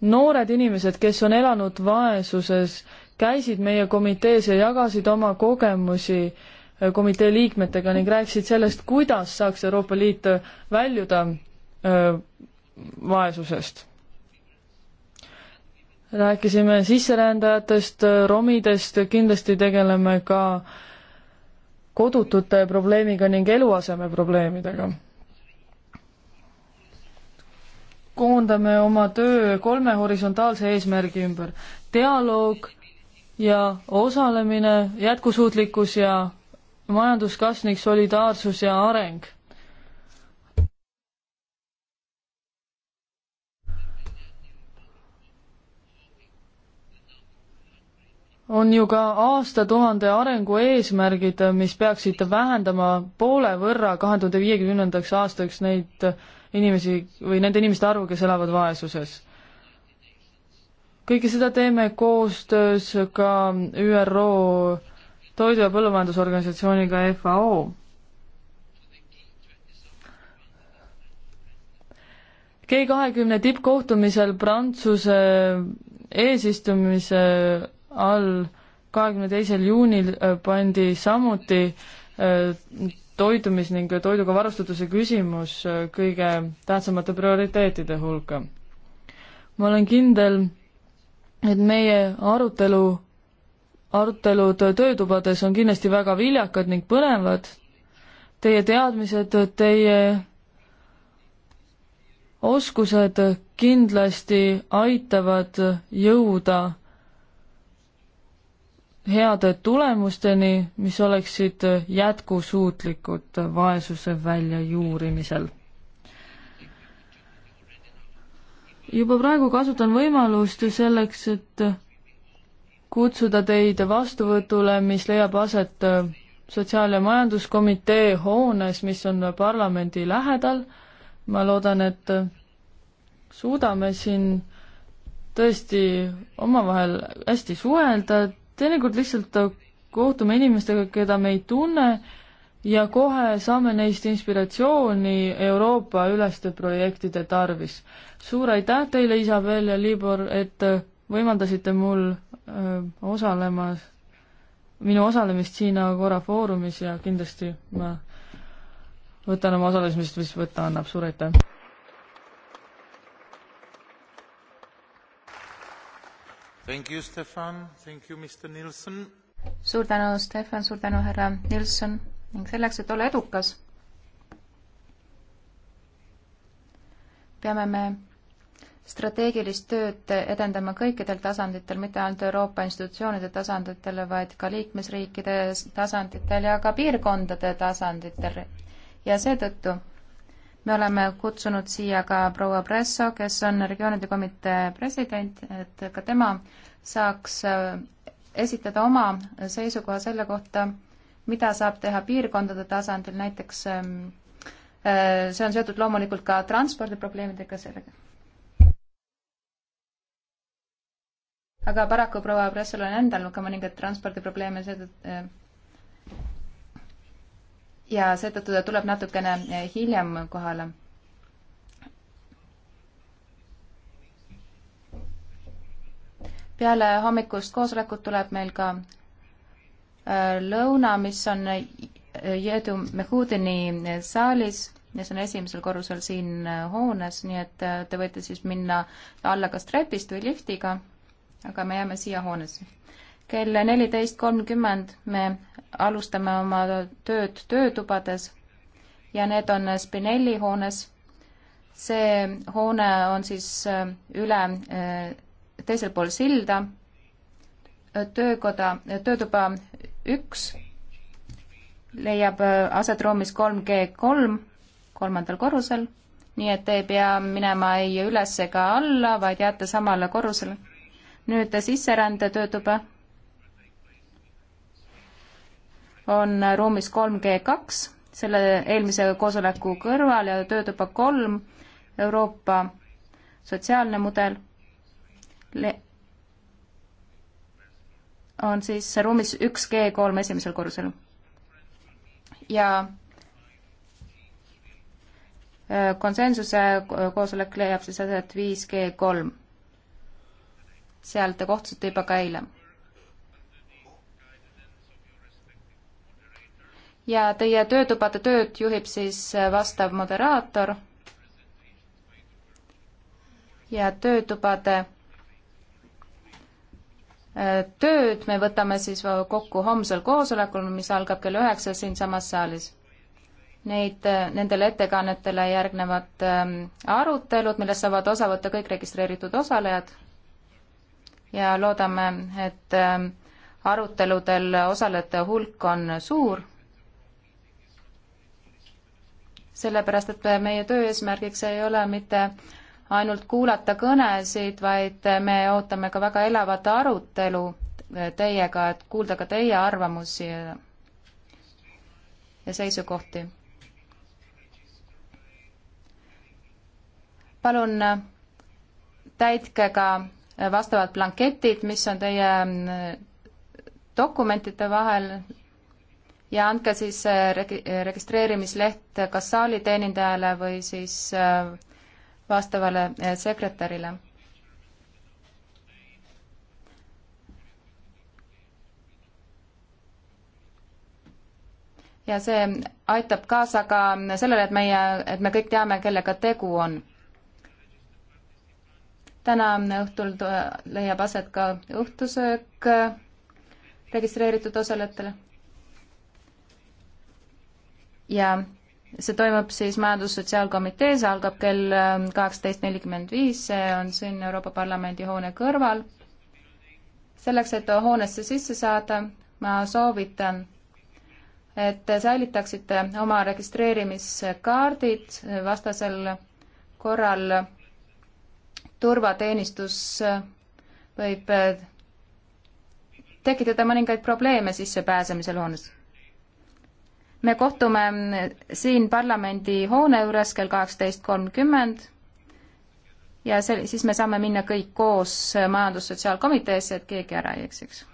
noored inimesed, kes on elanud vaesuses, käisid meie komitees ja jagasid oma kogemusi äh, komitee liikmetega ning rääkisid sellest, kuidas saaks Euroopa Liit äh, väljuda öö, äh, vaesusest. rääkisime sisserändajatest, romidest, kindlasti tegeleme ka kodutute probleemiga ning eluaseme probleemidega koondame oma töö kolme horisontaalse eesmärgi ümber. dialoog ja osalemine, jätkusuutlikkus ja majanduskasv ning solidaarsus ja areng. on ju ka aastatuhande arengu eesmärgid, mis peaksid vähendama poole võrra kahe tuhande viiekümnendaks aastaks neid äh, inimesi või nende inimeste arvu, kes elavad vaesuses. kõike seda teeme koostöös ka ÜRO Toidu- ja Põllumajandusorganisatsiooniga FAO. G kahekümne tippkohtumisel Prantsuse eesistumise all kahekümne teisel juunil äh, pandi samuti äh, toitumis- ning toiduga varustatuse küsimus äh, kõige tähtsamate prioriteetide hulka. ma olen kindel, et meie arutelu, arutelud töötubades on kindlasti väga viljakad ning põnevad. Teie teadmised, teie oskused kindlasti aitavad jõuda heade tulemusteni, mis oleksid jätkusuutlikud vaesuse väljajuurimisel. juba praegu kasutan võimalust selleks, et kutsuda teid vastuvõtule, mis leiab aset sotsiaal- ja majanduskomitee hoones, mis on parlamendi lähedal. ma loodan, et suudame siin tõesti omavahel hästi suhelda, teinekord lihtsalt äh, kohtume inimestega, keda me ei tunne ja kohe saame neist inspiratsiooni Euroopa üleste projektide tarvis. suur aitäh teile, Isabel ja Libor, et äh, võimaldasite mul äh, osalema, minu osalemist siin Agora Foorumis ja kindlasti ma võtan oma osalemisest, mis võtta annab, suur aitäh! You, Stefan. You, suur tänu, Stefan, suur tänu, härra Nilsson ning selleks, et olla edukas, peame me strateegilist tööd edendama kõikidel tasanditel, mitte ainult Euroopa institutsioonide tasanditel, vaid ka liikmesriikide tasanditel ja ka piirkondade tasanditel. ja seetõttu me oleme kutsunud siia ka proua Presso, kes on regioonide komitee president, et ka tema saaks äh, esitada oma seisukoha selle kohta, mida saab teha piirkondade tasandil, näiteks ähm, äh, see on seotud loomulikult ka transpordiprobleemidega sellega. aga paraku proua Pressol on endal ka mõningaid transpordiprobleeme, seetõttu äh, ja seetõttu ta tuleb natukene eh, hiljem kohale. peale hommikust koosolekut tuleb meil ka eh, lõuna, mis on eh, Jedu Mehudini saalis ja see on esimesel korrusel siin hoones, nii et te võite siis minna alla kas trepist või liftiga, aga me jääme siia hoonesse kell neliteist kolmkümmend me alustame oma tööd töötubades ja need on Spinelli hoones. see hoone on siis äh, üle äh, teisel pool silda, äh, töökoda, töötuba üks leiab aset ruumis kolm G kolm, kolmandal korrusel, nii et ei pea minema ei üles ega alla, vaid jääte samale korrusele. nüüd sisserände töötuba on ruumis kolm G kaks, selle eelmise koosoleku kõrval ja töötuba kolm, Euroopa sotsiaalne mudel on siis ruumis üks G kolm esimesel korrusel. ja äh, konsensuse koosolek leiab siis aset viis G kolm. seal te kohtusite juba ka eile ja teie töötubade tööd juhib siis äh, vastav moderaator ja töötubade äh, tööd me võtame siis kokku homsel koosolekul, mis algab kell üheksa siinsamas saalis. Neid, äh, nendele ettekannetele järgnevad ähm, arutelud, millest saavad osa võtta kõik registreeritud osalejad ja loodame, et ähm, aruteludel osalejate hulk on suur sellepärast et meie töö eesmärgiks ei ole mitte ainult kuulata kõnesid, vaid me ootame ka väga elavat arutelu teiega, et kuulda ka teie arvamusi ja, ja seisukohti. palun täitke ka vastavad blanketid, mis on teie dokumentide vahel ja andke siis äh, regi-, äh, registreerimisleht kas saali teenindajale või siis äh, vastavale sekretärile. ja see aitab kaasa ka sellele, et meie, et me kõik teame, kellega tegu on täna õhtul leiab aset ka õhtusöök registreeritud osalejatele ja see toimub siis Majandus-Sotsiaalkomitees, algab kell ähm, kaheksateist nelikümmend viis, see on siin Euroopa Parlamendi hoone kõrval. selleks, et hoonesse sisse saada, ma soovitan, et säilitaksite oma registreerimiskaardid, vastasel korral turvateenistus võib äh, tekitada mõningaid probleeme sissepääsemisel hoonesse me kohtume siin parlamendi hoone juures kell kaheksateist kolmkümmend ja see, siis me saame minna kõik koos Majandus-Sotsiaalkomiteesse, et keegi ära ei eksiks.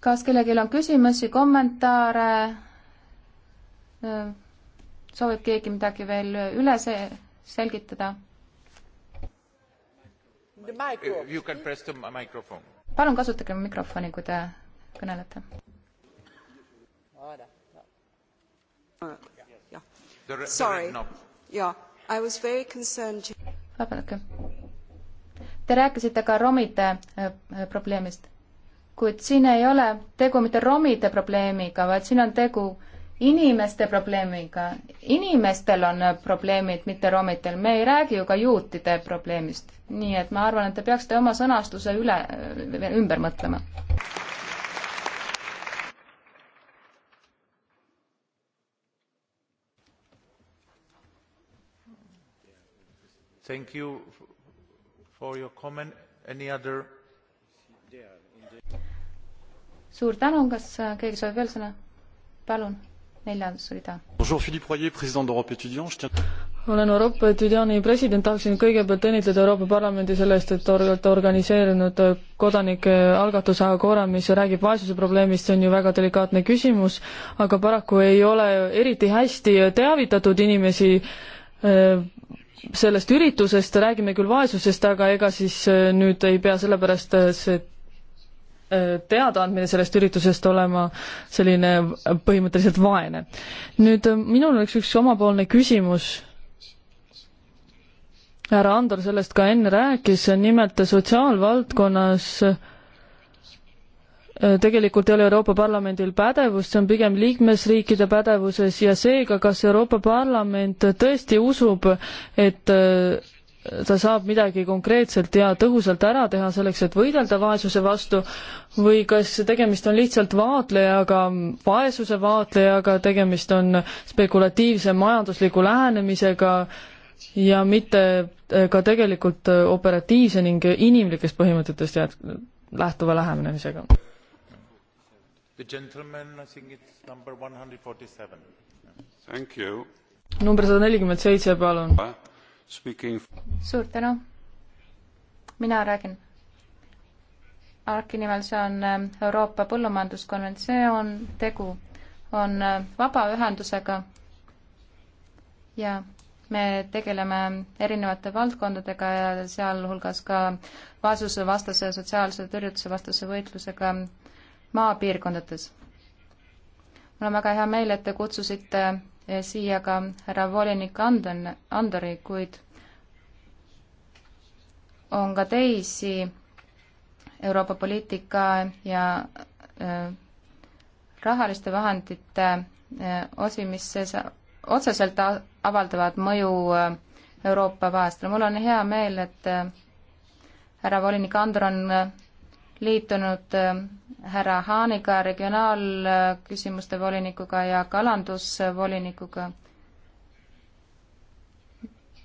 kas kellelgi on küsimusi, kommentaare? soovib keegi midagi veel üle see, selgitada? palun kasutage mikrofoni, kui te kõnelete order. No. Uh, yeah. The Sorry. No. Yeah. I was very concerned to... vabandage. Te rääkisite ka romide äh, äh, probleemist, kuid siin ei ole tegu mitte romide probleemiga, vaid siin on tegu inimeste probleemiga. inimestel on äh, probleemid, mitte romidel. me ei räägi ju ka juutide probleemist. nii et ma arvan, et te peaksite oma sõnastuse üle, ümber mõtlema. Thank you for your comment. Any other? suur tänu, kas äh, keegi soovib veel sõna? palun, neljandas rida. Bonjour, Philippe Royer, president d'Europe étudiant, je tiens olen Euroopa Etüdiani president, tahaksin kõigepealt õnnitleda Euroopa Parlamendi selle eest, et olete organiseerinud äh, kodanike äh, algatuse Agora, mis räägib vaesuse probleemist, see on ju väga delikaatne küsimus, aga paraku ei ole eriti hästi teavitatud inimesi sellest üritusest räägime küll vaesusest, aga ega siis äh, nüüd ei pea sellepärast äh, see äh, teadaandmine sellest üritusest olema selline põhimõtteliselt vaene. nüüd minul oleks üks omapoolne küsimus. härra Andor sellest ka enne rääkis, nimelt sotsiaalvaldkonnas äh, Äh, tegelikult ei ole Euroopa Parlamendil pädevust, see on pigem liikmesriikide pädevuses ja seega, kas Euroopa Parlament tõesti usub, et äh, ta saab midagi konkreetselt ja tõhusalt ära teha selleks, et võidelda vaesuse vastu või kas tegemist on lihtsalt vaatlejaga, vaesuse vaatlejaga, tegemist on spekulatiivse majandusliku lähenemisega ja mitte äh, ka tegelikult operatiivse ning inimlikest põhimõtetest lähtuva lähenemisega? The gentleman, I think it's number one hundred forty seven. Thank you. number sada nelikümmend seitse, palun. Uh, speaking. suur tänu. mina räägin. ARK-i nimel, see on ähm, Euroopa Põllumajanduskonventsioon, tegu on äh, vabaühendusega ja me tegeleme erinevate valdkondadega ja sealhulgas ka vaesuse vastase ja sotsiaalse tõrjutuse vastase võitlusega maapiirkondades. mul on väga hea meel, et te kutsusite eh, siia ka härra volinik Andon, Andori, kuid on ka teisi Euroopa poliitika ja eh, rahaliste vahendite eh, osi, mis otseselt avaldavad mõju Euroopa vaestele. mul on hea meel, et härra volinik Andor on liitunud härra Haaniga, regionaalküsimuste volinikuga ja kalandusvolinikuga.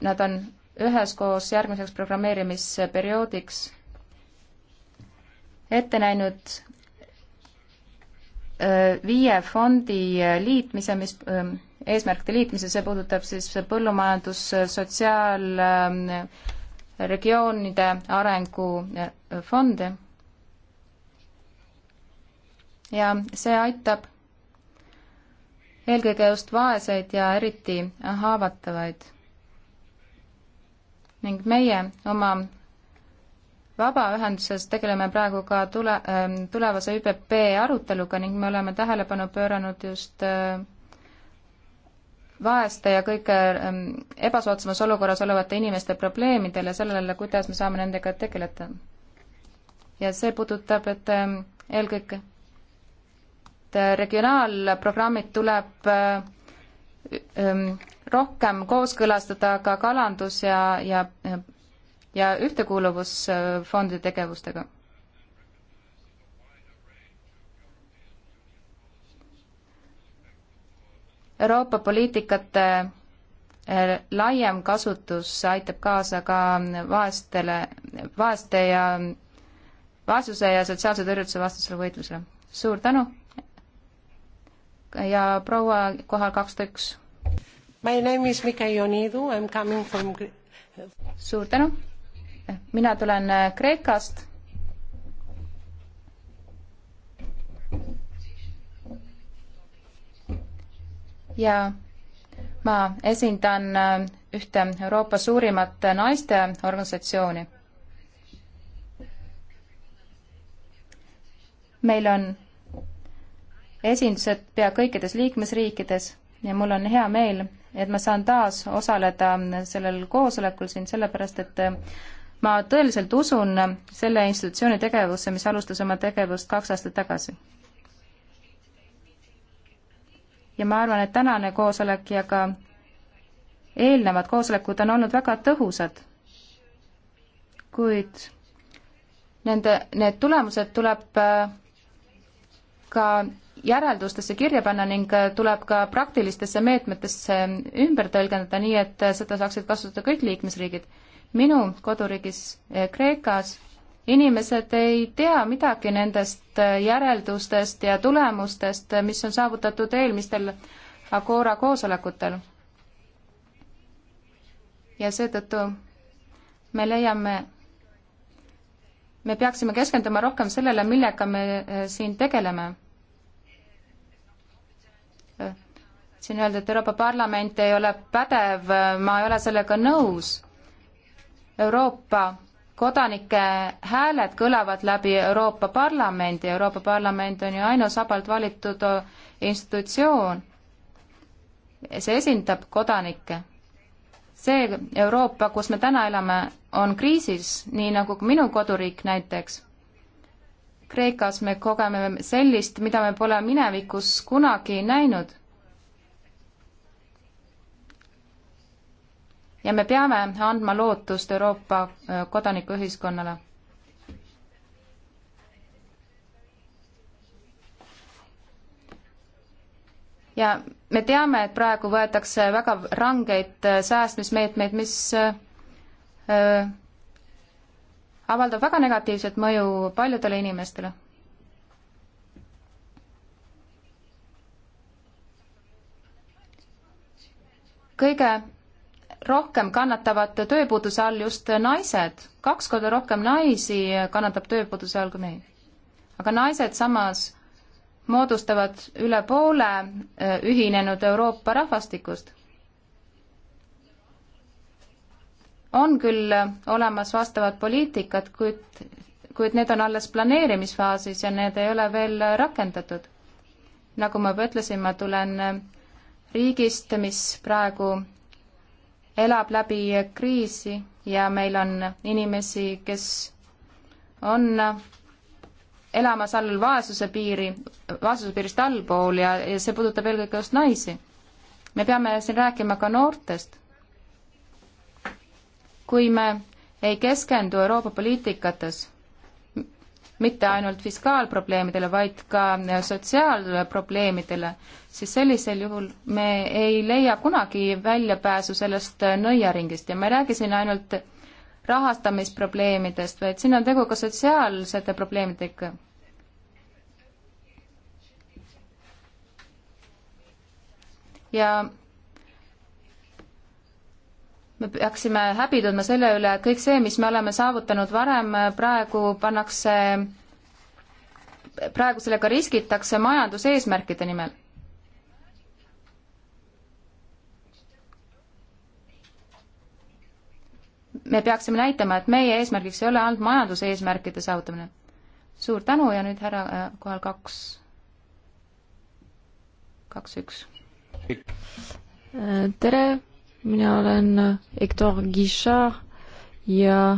Nad on üheskoos järgmiseks programmeerimisperioodiks ette näinud äh, viie fondi liitmise, mis, ähm, eesmärkide liitmise, see puudutab siis põllumajandus, sotsiaal, ähm, regioonide arengufonde äh, ja see aitab eelkõige just vaeseid ja eriti haavatavaid. ning meie oma vabaühenduses tegeleme praegu ka tule, ähm, tulevase ÜPP aruteluga ning me oleme tähelepanu pööranud just äh, vaeste ja kõige ähm, ebasoodsamas olukorras olevate inimeste probleemidele, sellele, kuidas me saame nendega tegeleda. ja see puudutab, et ähm, eelkõige et äh, regionaalprogrammid tuleb äh, ähm, rohkem kooskõlastada ka kalandus- ja, ja, ja ühtekuuluvusfondi tegevustega. Euroopa poliitikate äh, laiem kasutus aitab kaasa ka vaestele, vaeste ja, vaesuse ja sotsiaalse tõrjutuse vastasele võitlusele. suur tänu! ja proua kohal kakssada üks. My name is Mika Ionidu, I am coming from suur tänu, mina tulen äh, Kreekast. ja ma esindan äh, ühte Euroopa suurimat naisteorganisatsiooni. meil on esindused pea kõikides liikmesriikides ja mul on hea meel, et ma saan taas osaleda sellel koosolekul siin, sellepärast et äh, ma tõeliselt usun selle institutsiooni tegevusse, mis alustas oma tegevust kaks aastat tagasi. ja ma arvan, et tänane koosolek ja ka eelnevad koosolekud on olnud väga tõhusad, kuid nende, need tulemused tuleb äh, ka järeldustesse kirja panna ning äh, tuleb ka praktilistesse meetmetesse ümber tõlgendada, nii et äh, seda saaksid kasutada kõik liikmesriigid. minu koduriigis äh, Kreekas inimesed ei tea midagi nendest järeldustest ja tulemustest, mis on saavutatud eelmistel Agora koosolekutel. ja seetõttu me leiame, me peaksime keskenduma rohkem sellele, millega me siin tegeleme siin öelda, et Euroopa Parlament ei ole pädev, ma ei ole sellega nõus. Euroopa kodanike hääled kõlavad läbi Euroopa Parlamendi, Euroopa Parlament on ju ainus vabalt valitud institutsioon. see esindab kodanikke. see Euroopa, kus me täna elame, on kriisis, nii nagu ka minu koduriik näiteks. Kreekas me kogeme sellist, mida me pole minevikus kunagi näinud ja me peame andma lootust Euroopa äh, kodanikuühiskonnale. ja me teame, et praegu võetakse väga rangeid äh, säästmismeetmeid, mis äh, avaldab väga negatiivset mõju paljudele inimestele. kõige rohkem kannatavad tööpuuduse all just naised, kaks korda rohkem naisi kannatab tööpuuduse all kui mehi. aga naised samas moodustavad üle poole eh, ühinenud Euroopa rahvastikust. on küll olemas vastavad poliitikad, kuid, kuid need on alles planeerimisfaasis ja need ei ole veel rakendatud. nagu ma juba ütlesin, ma tulen riigist, mis praegu elab läbi kriisi ja meil on inimesi, kes on elamas all vaesuse piiri, vaesuse piirist allpool ja, ja see puudutab eelkõige just naisi. me peame siin rääkima ka noortest. kui me ei keskendu Euroopa poliitikates mitte ainult fiskaalprobleemidele, vaid ka sotsiaalprobleemidele, siis sellisel juhul me ei leia kunagi väljapääsu sellest nõiaringist ja ma ei räägi siin ainult rahastamisprobleemidest, vaid siin on tegu ka sotsiaalsete probleemidega ja me peaksime häbi tundma selle üle, et kõik see, mis me oleme saavutanud varem, praegu pannakse, praegu sellega riskitakse majanduseesmärkide nimel. me peaksime näitama, et meie eesmärgiks ei ole ainult majanduseesmärkide saavutamine. suur tänu ja nüüd härra äh, kohal kaks, kaks, üks. Äh, tere mina olen äh, Hector Guichard ja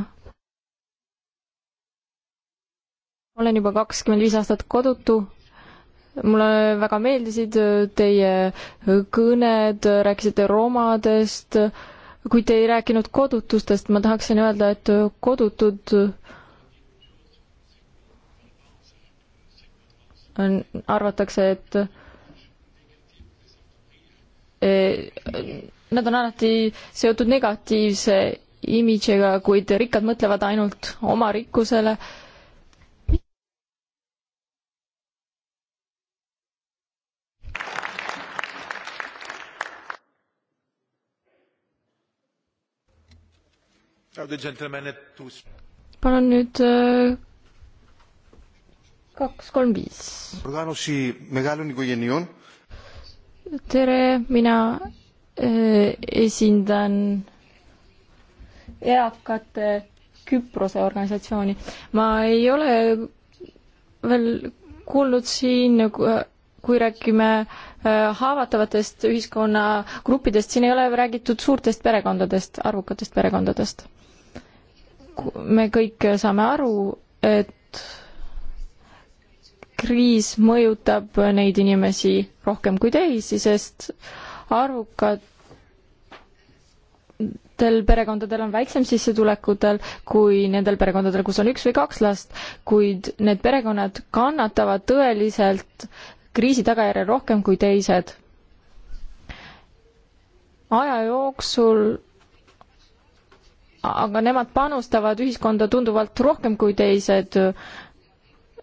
olen juba kakskümmend viis aastat kodutu. mulle väga meeldisid äh, teie äh, kõned, rääkisite romadest, kuid te ei rääkinud kodutustest, ma tahaksin öelda, et kodutud on, arvatakse, et nad on alati seotud negatiivse imidžiga, kuid rikkad mõtlevad ainult oma rikkusele. palun nüüd äh, kaks, kolm, viis. tere, mina esindan eakate Küprose organisatsiooni. ma ei ole veel kuulnud siin, kui räägime haavatavatest ühiskonnagruppidest, siin ei ole räägitud suurtest perekondadest, arvukatest perekondadest. me kõik saame aru, et kriis mõjutab neid inimesi rohkem kui teisi, sest äh, arvukatel perekondadel on väiksem sissetulekutel kui nendel perekondadel, kus on üks või kaks last, kuid need perekonnad kannatavad tõeliselt kriisi tagajärjel rohkem kui teised. aja jooksul aga nemad panustavad ühiskonda tunduvalt rohkem kui teised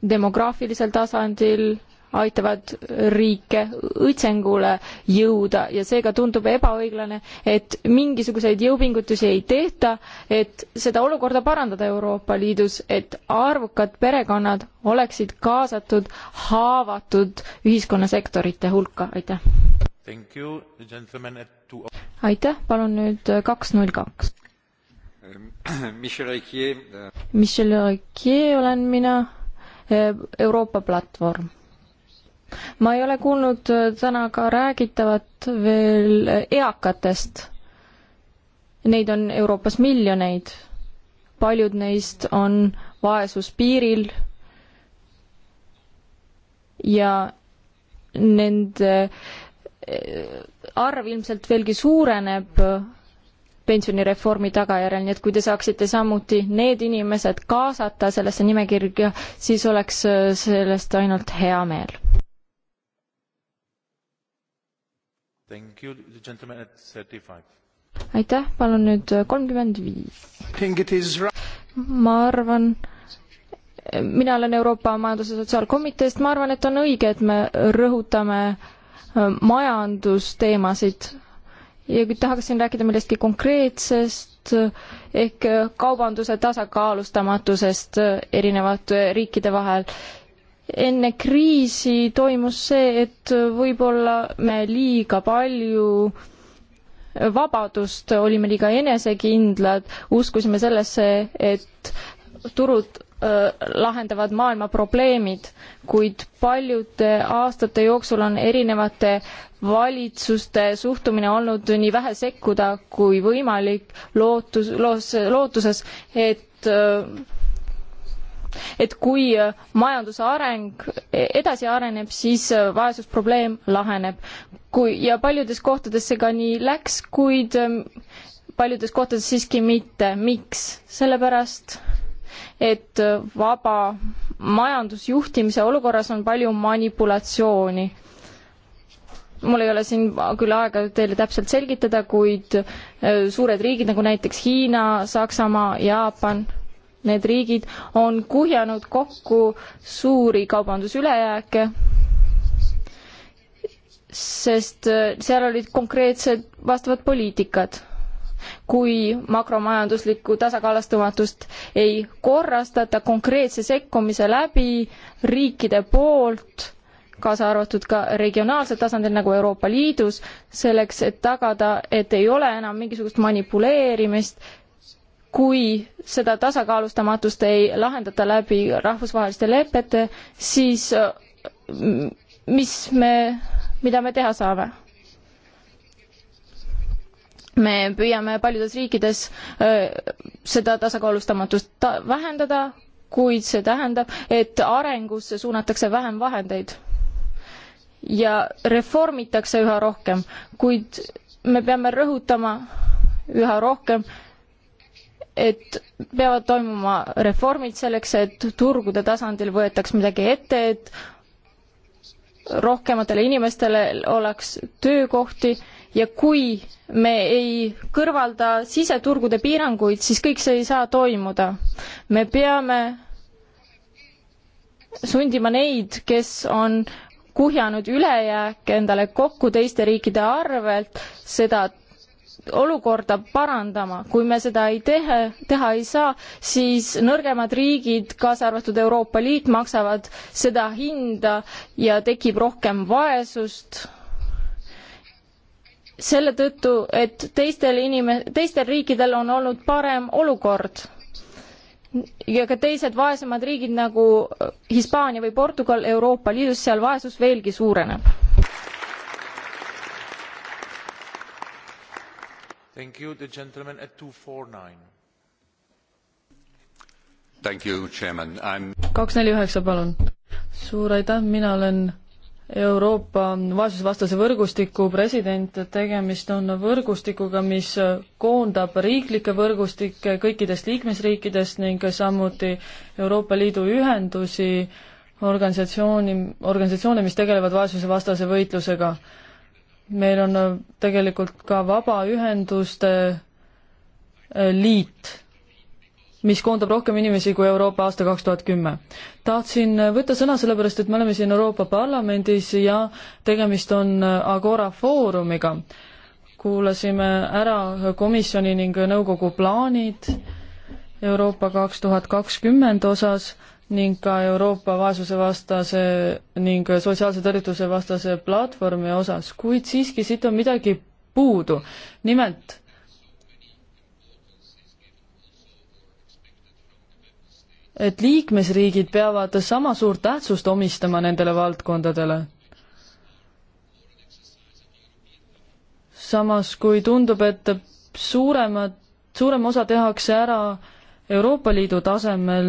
demograafilisel tasandil, aitavad riike õitsengule jõuda ja seega tundub ebaõiglane, et mingisuguseid jõupingutusi ei tehta, et seda olukorda parandada Euroopa Liidus, et arvukad perekonnad oleksid kaasatud haavatud ühiskonnasektorite hulka, aitäh. aitäh, palun nüüd kaks null kaks. Michel Riquier. Michel Riquier olen mina, Euroopa platvorm ma ei ole kuulnud äh, täna ka räägitavat veel äh, eakatest. Neid on Euroopas miljoneid. paljud neist on vaesuspiiril ja nende äh, arv ilmselt veelgi suureneb pensionireformi tagajärjel, nii et kui te saaksite samuti need inimesed kaasata sellesse nimekirja, siis oleks sellest ainult hea meel aitäh, palun nüüd kolmkümmend viis. ma arvan, mina olen Euroopa Majandus- ja Sotsiaalkomiteest, ma arvan, et on õige, et me rõhutame äh, majandusteemasid ja kui tahaksin rääkida millestki konkreetsest ehk kaubanduse tasakaalustamatusest äh, erinevate riikide vahel, enne kriisi toimus see, et võib-olla me liiga palju vabadust, olime liiga enesekindlad, uskusime sellesse, et turud äh, lahendavad maailma probleemid, kuid paljude aastate jooksul on erinevate valitsuste suhtumine olnud nii vähe sekkuda kui võimalik lootus, loos, lootuses, et äh, et kui äh, majanduse areng e, edasi areneb, siis äh, vaesusprobleem laheneb. kui, ja paljudes kohtades see ka nii läks, kuid ähm, paljudes kohtades siiski mitte. miks? sellepärast, et äh, vaba majandusjuhtimise olukorras on palju manipulatsiooni mul ei ole siin küll aega teile täpselt selgitada, kuid suured riigid nagu näiteks Hiina, Saksamaa, Jaapan need riigid on kuhjanud kokku suuri kaubandusülejääke, sest äh, seal olid konkreetsed vastavad poliitikad. kui makromajanduslikku tasakaalustamatust ei korrastata konkreetse sekkumise läbi riikide poolt, kaasa arvatud ka regionaalsel tasandil nagu Euroopa Liidus, selleks et tagada, et ei ole enam mingisugust manipuleerimist, kui seda tasakaalustamatust ei lahendata läbi rahvusvaheliste lepete, siis mm, mis me, mida me teha saame? me püüame paljudes riikides seda tasakaalustamatust ta vähendada, kuid see tähendab, et arengusse suunatakse vähem vahendeid ja reformitakse üha rohkem, kuid me peame rõhutama üha rohkem et peavad toimuma reformid selleks, et turgude tasandil võetaks midagi ette, et rohkematele inimestele oleks töökohti ja kui me ei kõrvalda siseturgude piiranguid, siis kõik see ei saa toimuda. me peame sundima neid, kes on kuhjanud ülejääk endale kokku teiste riikide arvelt, seda olukorda parandama. kui me seda ei tehe, teha ei saa, siis nõrgemad riigid, kaasa arvatud Euroopa Liit, maksavad seda hinda ja tekib rohkem vaesust selle tõttu, et teistel inime-, teistel riikidel on olnud parem olukord. ja ka teised vaesemad riigid nagu Hispaania või Portugal Euroopa Liidus, seal vaesus veelgi suureneb Thank you. The gentleman at 249. Thank you, chairman. I'm... kaks neli üheksa, palun. suur aitäh, mina olen Euroopa vaesusevastase võrgustiku president, tegemist on võrgustikuga, mis koondab riiklikke võrgustikke kõikidest liikmesriikidest ning samuti Euroopa Liidu ühendusi, organisatsiooni, organisatsioone, mis tegelevad vaesusevastase võitlusega meil on äh, tegelikult ka Vabaühenduste äh, Liit, mis koondab rohkem inimesi kui Euroopa aasta kaks tuhat kümme. tahtsin äh, võtta sõna sellepärast, et me oleme siin Euroopa Parlamendis ja tegemist on Agora Foorumiga. kuulasime ära komisjoni ning nõukogu plaanid Euroopa kaks tuhat kakskümmend osas ning ka Euroopa vaesusevastase ning sotsiaalse tõrjutuse vastase platvormi osas, kuid siiski siit on midagi puudu. nimelt et liikmesriigid peavad sama suurt tähtsust omistama nendele valdkondadele. samas, kui tundub, et suuremad, suurem osa tehakse ära Euroopa Liidu tasemel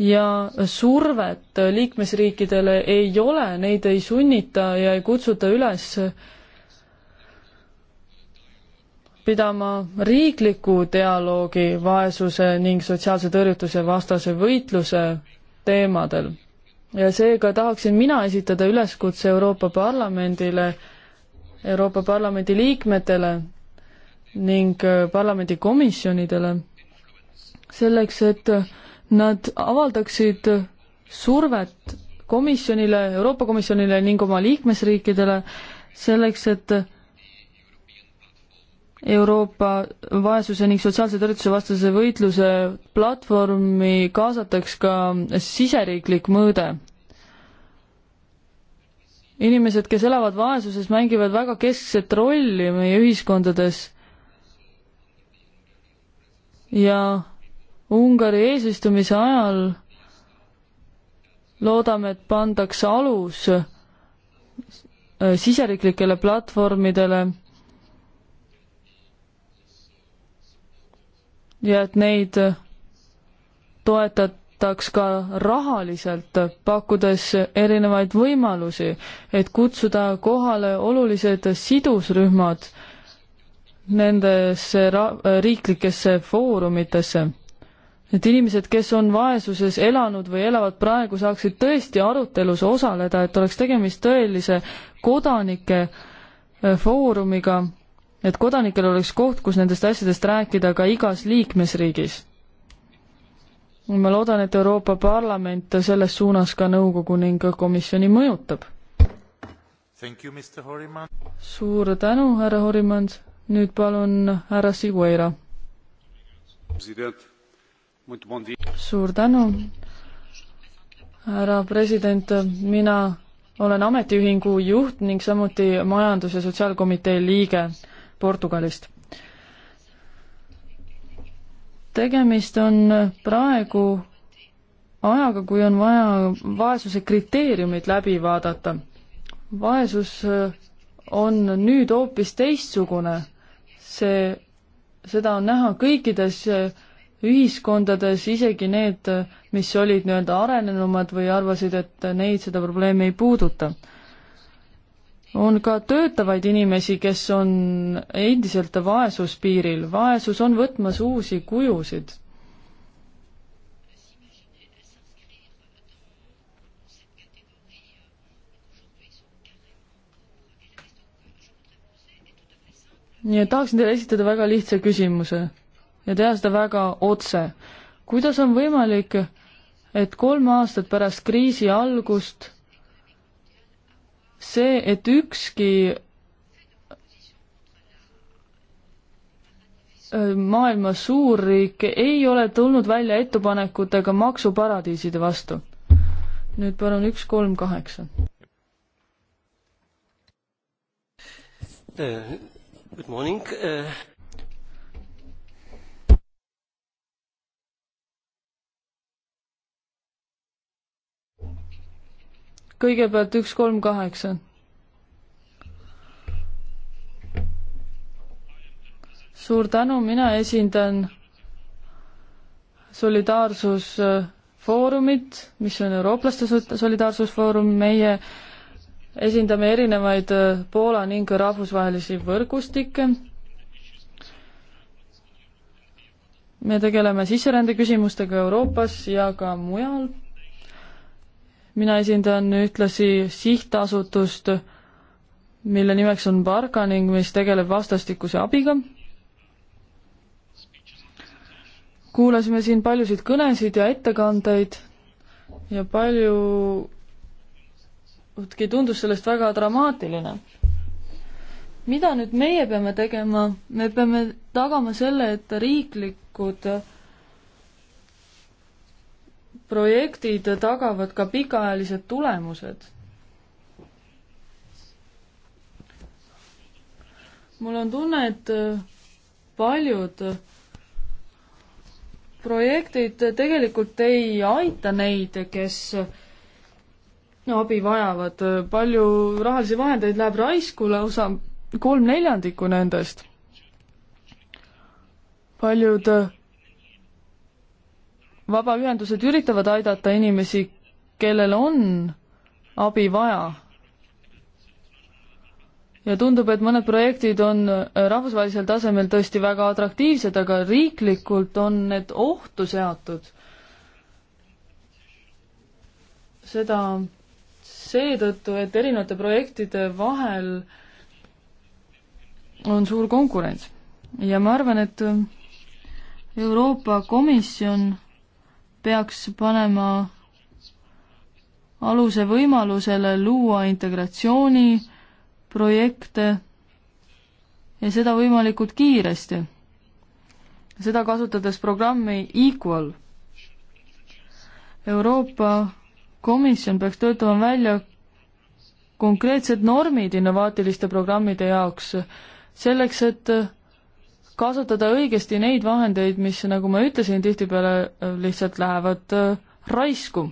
ja survet liikmesriikidele ei ole, neid ei sunnita ja ei kutsuta üles pidama riikliku dialoogi vaesuse ning sotsiaalse tõrjutuse vastase võitluse teemadel. ja seega tahaksin mina esitada üleskutse Euroopa Parlamendile, Euroopa Parlamendi liikmetele ning äh, parlamendikomisjonidele selleks, et nad avaldaksid survet komisjonile, Euroopa Komisjonile ning oma liikmesriikidele selleks, et Euroopa vaesuse ning sotsiaalse tõrjutuse vastase võitluse platvormi kaasataks ka siseriiklik mõõde. inimesed, kes elavad vaesuses, mängivad väga keskset rolli meie ühiskondades ja Ungari eesistumise ajal loodame, et pandakse alus äh, siseriiklikele platvormidele ja et neid toetataks ka rahaliselt, pakkudes erinevaid võimalusi, et kutsuda kohale olulised sidusrühmad nendesse ra-, riiklikesse foorumitesse et inimesed, kes on vaesuses elanud või elavad praegu, saaksid tõesti arutelus osaleda, et oleks tegemist tõelise kodanike äh, foorumiga, et kodanikel oleks koht, kus nendest asjadest rääkida ka igas liikmesriigis. ma loodan, et Euroopa Parlament selles suunas ka nõukogu ning komisjoni mõjutab. suur tänu, härra Horimand, nüüd palun härra Sigueira. president suur tänu, härra president, mina olen ametiühingu juht ning samuti Majandus- ja Sotsiaalkomitee liige Portugalist. tegemist on praegu ajaga, kui on vaja vaesuse kriteeriumid läbi vaadata. vaesus äh, on nüüd hoopis teistsugune, see, seda on näha kõikides äh, ühiskondades, isegi need, mis olid nii-öelda arenenumad või arvasid, et neid seda probleemi ei puuduta. on ka töötavaid inimesi, kes on endiselt vaesuspiiril, vaesus on võtmas uusi kujusid nii et tahaksin teile esitada väga lihtsa küsimuse ja teha seda väga otse. kuidas on võimalik, et kolm aastat pärast kriisi algust see, et ükski äh, maailma suurriik ei ole tulnud välja ettepanekutega maksuparadiiside vastu. nüüd palun üks, kolm, kaheksa. Eh, good morning. Eh. kõigepealt üks, kolm, kaheksa. suur tänu, mina esindan solidaarsusfoorumit, mis on eurooplaste solidaarsusfoorum, meie esindame erinevaid äh, Poola ning rahvusvahelisi võrgustikke. me tegeleme sisserände küsimustega Euroopas ja ka mujal mina esindan ühtlasi sihtasutust, mille nimeks on Barka ning mis tegeleb vastastikuse abiga. kuulasime siin paljusid kõnesid ja ettekandeid ja paljudki tundus sellest väga dramaatiline. mida nüüd meie peame tegema, me peame tagama selle, et riiklikud projektid tagavad ka pikaajalised tulemused. mul on tunne, et paljud projektid tegelikult ei aita neid, kes abi vajavad, palju rahalisi vahendeid läheb raisku lausa kolm neljandikku nendest. paljud vabaühendused üritavad aidata inimesi, kellel on abi vaja. ja tundub, et mõned projektid on äh, rahvusvahelisel tasemel tõesti väga atraktiivsed, aga riiklikult on need ohtu seatud. seda seetõttu, et erinevate projektide vahel on suur konkurents ja ma arvan, et äh, Euroopa Komisjon peaks panema aluse võimalusele luua integratsiooniprojekte ja seda võimalikult kiiresti. seda kasutades programmi Equal. Euroopa Komisjon peaks töötama välja konkreetsed normid innovaatiliste programmide jaoks, selleks et kasutada õigesti neid vahendeid, mis, nagu ma ütlesin, tihtipeale äh, lihtsalt lähevad äh, raisku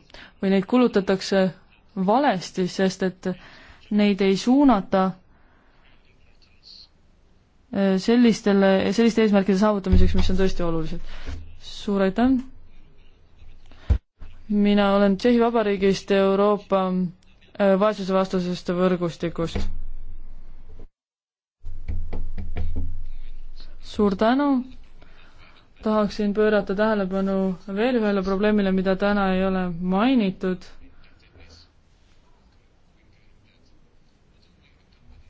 või neid kulutatakse valesti, sest et neid ei suunata äh, sellistele, selliste eesmärkide saavutamiseks, mis on tõesti olulised. suur aitäh! mina olen Tšehhi Vabariigist Euroopa vaesusevastasest võrgustikust suur tänu. tahaksin pöörata tähelepanu veel ühele probleemile, mida täna ei ole mainitud.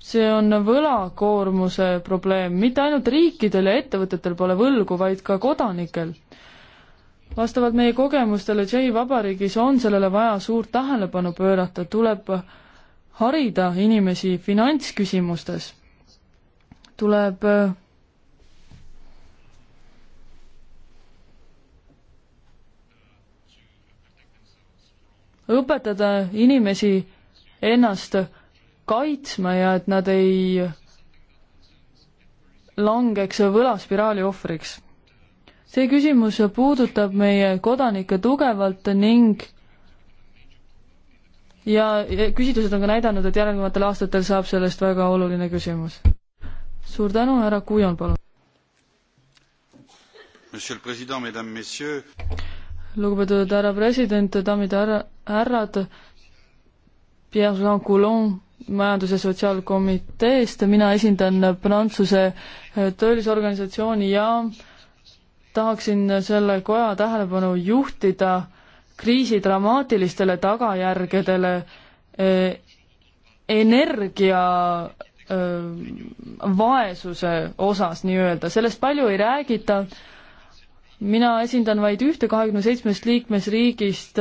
see on võlakoormuse probleem, mitte ainult riikidel ja ettevõtetel pole võlgu, vaid ka kodanikel. vastavalt meie kogemustele Tšehhi Vabariigis on sellele vaja suurt tähelepanu pöörata, tuleb harida inimesi finantsküsimustes, tuleb õpetada inimesi ennast kaitsma ja et nad ei langeks võlaspiraali ohvriks. see küsimus puudutab meie kodanikke tugevalt ning ja küsitlused on ka näidanud, et järgnevatel aastatel saab sellest väga oluline küsimus. suur tänu, härra Kujon, palun lugupeetud härra president, daamid ja härrad, Pierre-Jean Coulon majandus- ja sotsiaalkomiteest, mina esindan Prantsuse eh, töölisorganisatsiooni ja tahaksin selle koja tähelepanu juhtida kriisi dramaatilistele tagajärgedele eh, energia eh, vaesuse osas nii-öelda, sellest palju ei räägita mina esindan vaid ühte kahekümne seitsmest liikmesriigist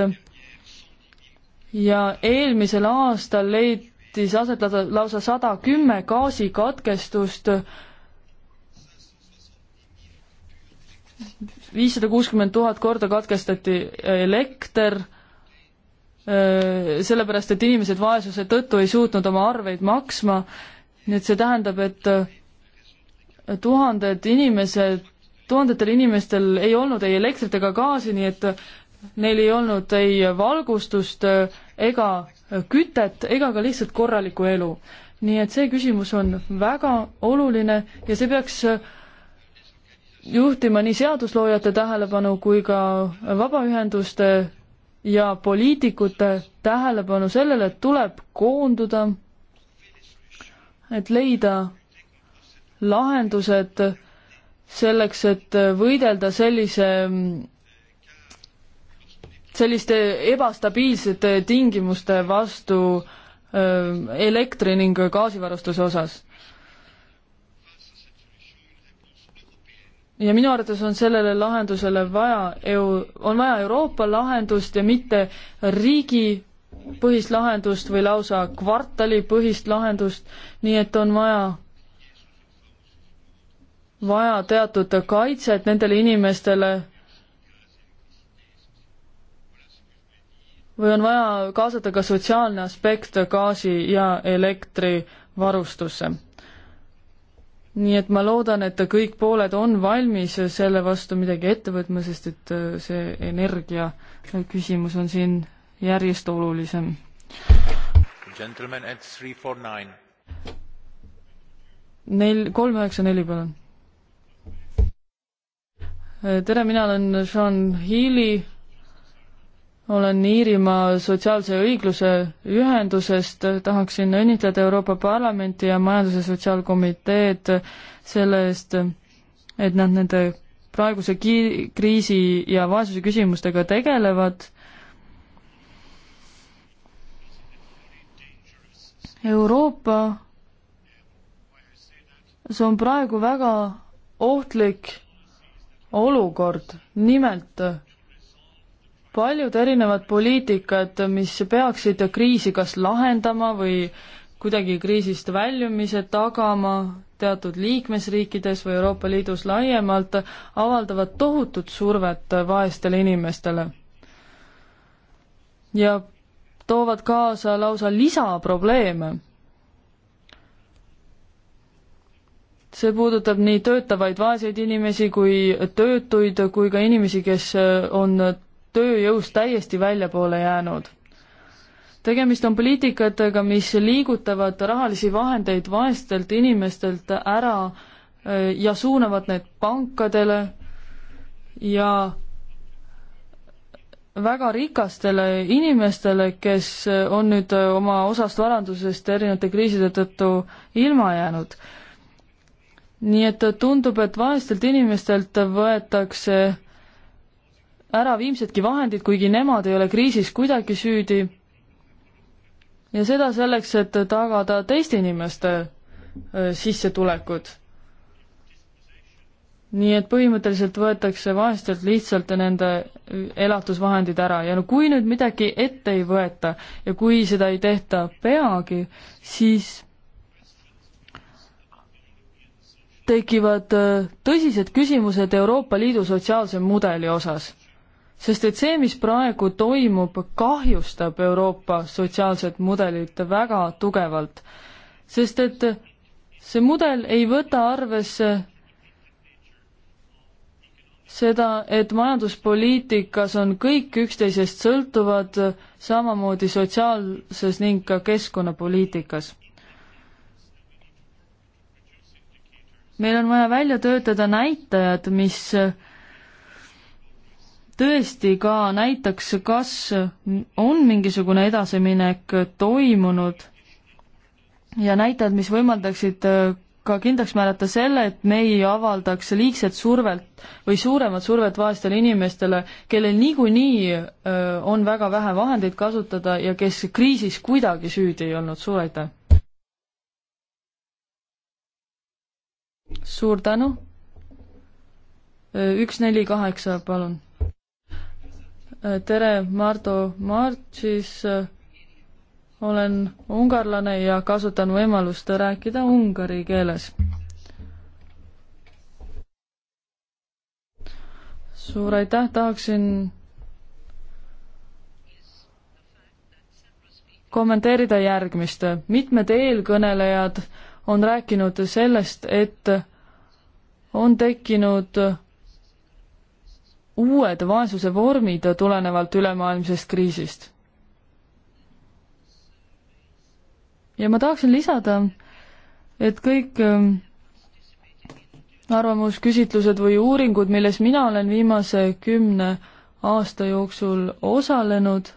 ja eelmisel aastal leidis aset lausa sada kümme gaasikatkestust, viissada kuuskümmend tuhat korda katkestati elekter, sellepärast et inimesed vaesuse tõttu ei suutnud oma arveid maksma, nii et see tähendab, et tuhanded inimesed tuhandetel inimestel ei olnud ei elektrit ega gaasi, nii et neil ei olnud ei valgustust eh, ega kütet ega ka lihtsalt korralikku elu. nii et see küsimus on väga oluline ja see peaks eh, juhtima nii seadusloojate tähelepanu kui ka vabaühenduste ja poliitikute tähelepanu sellele, et tuleb koonduda, et leida lahendused selleks, et võidelda sellise, selliste ebastabiilsete tingimuste vastu elektri ning gaasivarustuse osas. ja minu arvates on sellele lahendusele vaja EU, on vaja Euroopa lahendust ja mitte riigipõhist lahendust või lausa kvartalipõhist lahendust, nii et on vaja vaja teatud kaitset nendele inimestele või on vaja kaasata ka sotsiaalne aspekt gaasi ja elektrivarustusse. nii et ma loodan, et kõik pooled on valmis selle vastu midagi ette võtma, sest et äh, see energia küsimus on siin järjest olulisem. Gentlemen at three four nine. Nel-, kolm üheksa neli, palun tere, mina olen Sean Healy, olen Iirimaa Sotsiaalse Õigluse Ühendusest, tahaksin õnnitleda Euroopa Parlamenti ja Majandus- ja Sotsiaalkomiteed selle eest, et nad nende praeguse ki-, kriisi ja vaesuse küsimustega tegelevad. Euroopas on praegu väga ohtlik olukord, nimelt paljud erinevad poliitikad, mis peaksid kriisi kas lahendama või kuidagi kriisist väljumise tagama teatud liikmesriikides või Euroopa Liidus laiemalt, avaldavad tohutut survet vaestele inimestele. ja toovad kaasa lausa lisaprobleeme see puudutab nii töötavaid vaeseid inimesi kui töötuid kui ka inimesi, kes äh, on tööjõust täiesti väljapoole jäänud. tegemist on poliitikatega, mis liigutavad rahalisi vahendeid vaestelt inimestelt ära äh, ja suunavad need pankadele ja väga rikastele inimestele, kes äh, on nüüd oma osast varandusest erinevate kriiside tõttu ilma jäänud nii et tundub, et vaestelt inimestelt võetakse ära viimsedki vahendid, kuigi nemad ei ole kriisis kuidagi süüdi. ja seda selleks, et tagada teiste inimeste äh, sissetulekud. nii et põhimõtteliselt võetakse vaestelt lihtsalt nende äh, elatusvahendid ära ja no kui nüüd midagi ette ei võeta ja kui seda ei tehta peagi, siis tekivad äh, tõsised küsimused Euroopa Liidu sotsiaalse mudeli osas. sest et see, mis praegu toimub, kahjustab Euroopa sotsiaalset mudelit väga tugevalt. sest et see mudel ei võta arvesse seda, et majanduspoliitikas on kõik üksteisest sõltuvad, samamoodi sotsiaalses ning ka keskkonnapoliitikas meil on vaja välja töötada näitajad, mis tõesti ka näitaks, kas on mingisugune edasiminek toimunud ja näitajad, mis võimaldaksid ka kindlaks määrata selle, et me ei avaldaks liigset survet või suuremat survet vaestele inimestele, kellel niikuinii äh, on väga vähe vahendeid kasutada ja kes kriisis kuidagi süüdi ei olnud. suur aitäh! suur tänu. Äh, üks, neli, kaheksa, palun. Äh, tere, Mardu Martšis. Äh, olen ungarlane ja kasutan võimalust rääkida ungari keeles. suur aitäh, tahaksin kommenteerida järgmist. mitmed eelkõnelejad äh, on rääkinud sellest, et on tekkinud uued vaesuse vormid tulenevalt ülemaailmsest kriisist. ja ma tahaksin lisada, et kõik ähm, arvamusküsitlused või uuringud, milles mina olen viimase kümne aasta jooksul osalenud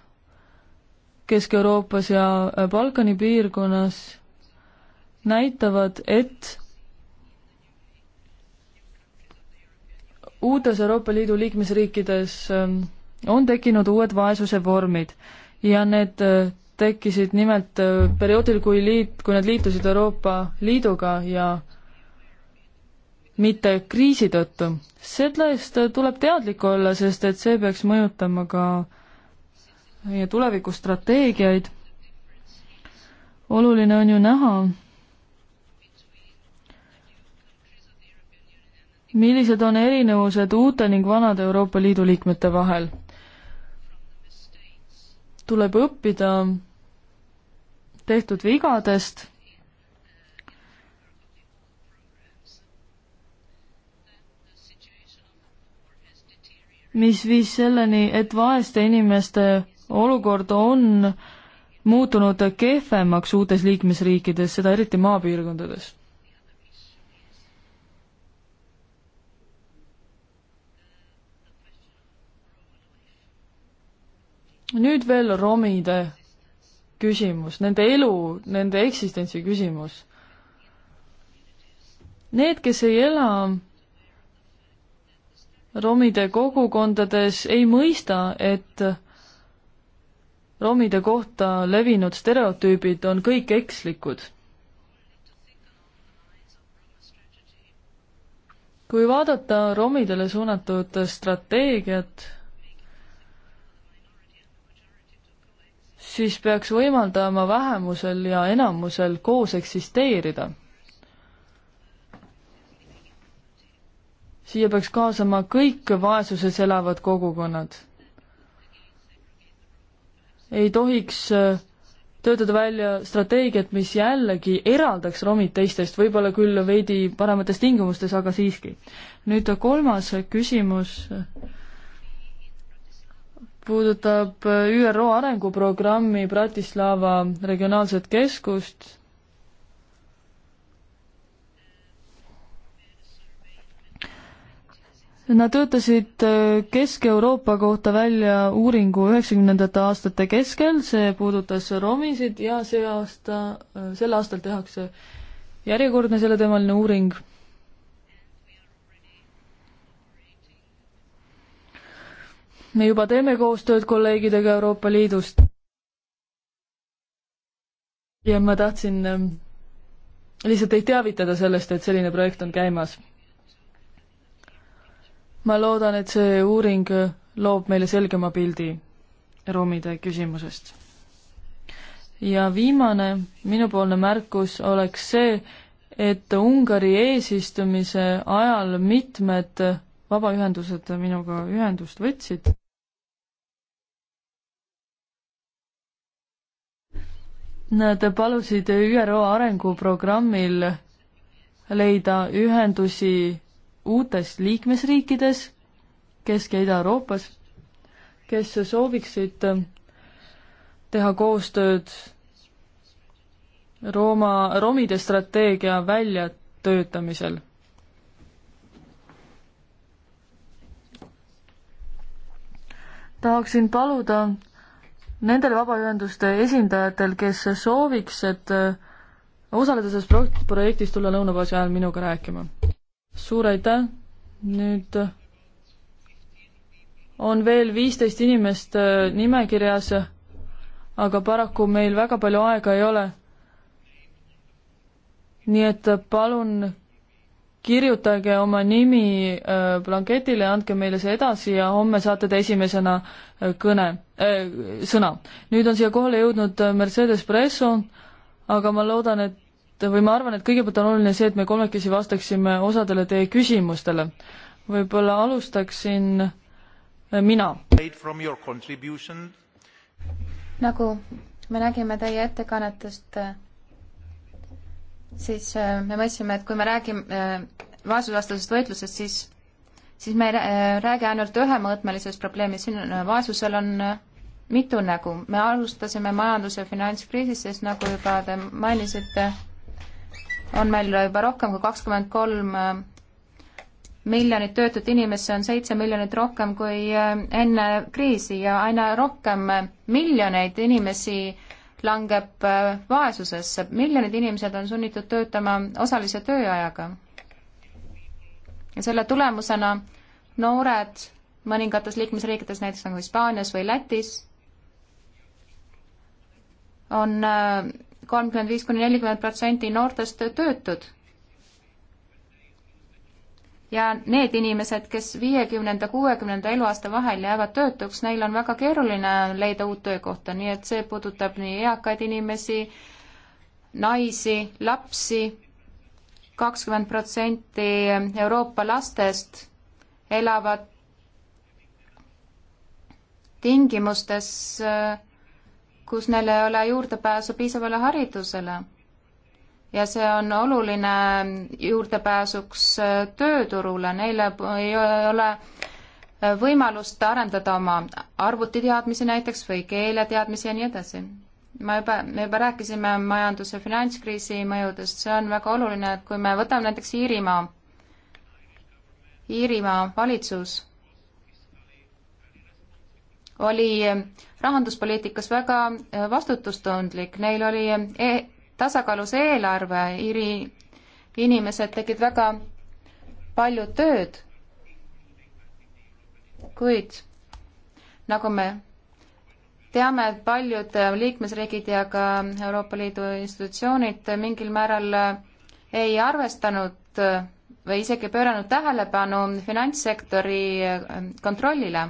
Kesk-Euroopas ja Balkani piirkonnas näitavad, et uutes Euroopa Liidu liikmesriikides ähm, on tekkinud uued vaesuse vormid ja need äh, tekkisid nimelt äh, perioodil, kui liit, kui nad liitusid Euroopa Liiduga ja mitte kriisi tõttu. sellest äh, tuleb teadlik olla, sest et see peaks mõjutama ka meie tulevikustrateegiaid. oluline on ju näha, millised on erinevused uute ning vanade Euroopa Liidu liikmete vahel? tuleb õppida tehtud vigadest mis viis selleni, et vaeste inimeste olukord on muutunud kehvemaks uutes liikmesriikides, seda eriti maapiirkondades. nüüd veel romide küsimus, nende elu, nende eksistentsi küsimus. Need, kes ei ela romide kogukondades, ei mõista, et romide kohta levinud stereotüübid on kõik ekslikud. kui vaadata romidele suunatud strateegiat, siis peaks võimaldama vähemusel ja enamusel koos eksisteerida. siia peaks kaasama kõik vaesuses elavad kogukonnad. ei tohiks äh, töötada välja strateegiat, mis jällegi eraldaks romid teistest, võib-olla küll veidi paremates tingimustes, aga siiski. nüüd kolmas küsimus puudutab äh, ÜRO arenguprogrammi Bratislava regionaalset keskust, Nad töötasid äh, Kesk-Euroopa kohta välja uuringu üheksakümnendate aastate keskel, see puudutas romisid ja see aasta, äh, sel aastal tehakse järjekordne selleteemaline uuring me juba teeme koostööd kolleegidega Euroopa Liidust. ja ma tahtsin ähm, lihtsalt teid teavitada sellest, et selline projekt on käimas. ma loodan, et see uuring loob meile selgema pildi romide küsimusest. ja viimane minupoolne märkus oleks see, et Ungari eesistumise ajal mitmed vabaühendused minuga ühendust võtsid. Nad palusid ÜRO arenguprogrammil leida ühendusi uutes liikmesriikides Kesk- ja Ida-Euroopas, kes sooviksid teha koostööd Rooma, romide strateegia väljatöötamisel tahaksin paluda nendel vabaühenduste esindajatel, kes sooviks, et äh, osaleda selles projektis, tulla lõunabaasi ajal minuga rääkima. suur aitäh, nüüd äh, on veel viisteist inimest äh, nimekirjas, aga paraku meil väga palju aega ei ole. nii et palun kirjutage oma nimi äh, blanketile ja andke meile see edasi ja homme saate te esimesena äh, kõne äh,, sõna. nüüd on siia kohale jõudnud äh, Mercedes Presso, aga ma loodan, et või ma arvan, et kõigepealt on oluline see, et me kolmekesi vastaksime osadele teie küsimustele. võib-olla alustaksin mina. nagu me nägime teie ettekannetest, siis äh, me mõtlesime, et kui me räägime äh, vaesusvastasest võitlusest, siis, siis me ei äh, räägi ainult ühemõõtmelisest probleemist, siin on, vaesusel on mitu nägu. me alustasime majandus- ja finantskriisist, sest nagu juba te mainisite, on meil juba rohkem kui kakskümmend kolm miljonit töötut inimest, see on seitse miljonit rohkem kui enne kriisi ja aina rohkem miljoneid inimesi langeb äh, vaesusesse, miljonid inimesed on sunnitud töötama osalise tööajaga. ja selle tulemusena noored mõningates liikmesriikides, näiteks nagu Hispaanias või Lätis, on äh, kolmkümmend viis kuni nelikümmend protsenti noortest töötud ja need inimesed, kes viiekümnenda, kuuekümnenda eluaasta vahel jäävad töötuks, neil on väga keeruline leida uut töökohta, nii et see puudutab nii eakaid inimesi, naisi, lapsi, kakskümmend protsenti Euroopa lastest elavad tingimustes, kus neil ei ole juurdepääsu piisavale haridusele ja see on oluline juurdepääsuks äh, tööturule, neil ei ole äh, võimalust arendada oma arvutiteadmisi näiteks või keeleteadmisi ja nii edasi. ma juba, me juba rääkisime majandus- ja finantskriisi mõjudest, see on väga oluline, et kui me võtame näiteks Iirimaa, Iirimaa valitsus oli äh, rahanduspoliitikas väga vastutustundlik, neil oli e tasakaalus eelarve, Iiri inimesed tegid väga palju tööd, kuid nagu me teame, et paljud liikmesriigid ja ka Euroopa Liidu institutsioonid mingil määral ei arvestanud või isegi pööranud tähelepanu finantssektori kontrollile.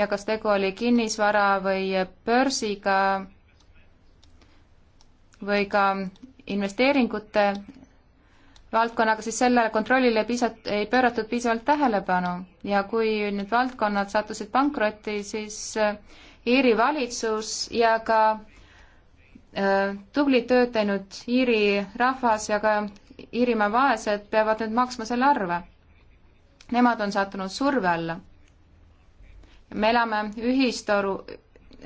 ja kas tegu oli kinnisvara või börsiga või ka investeeringute valdkonnaga, siis sellele kontrollile piisat-, ei pööratud piisavalt tähelepanu ja kui need valdkonnad sattusid pankrotti, siis äh, Iiri valitsus ja ka äh, tublit tööd teinud Iiri rahvas ja ka Iirimaa vaesed peavad nüüd maksma selle arve. Nemad on sattunud surve alla. me elame ühistoru,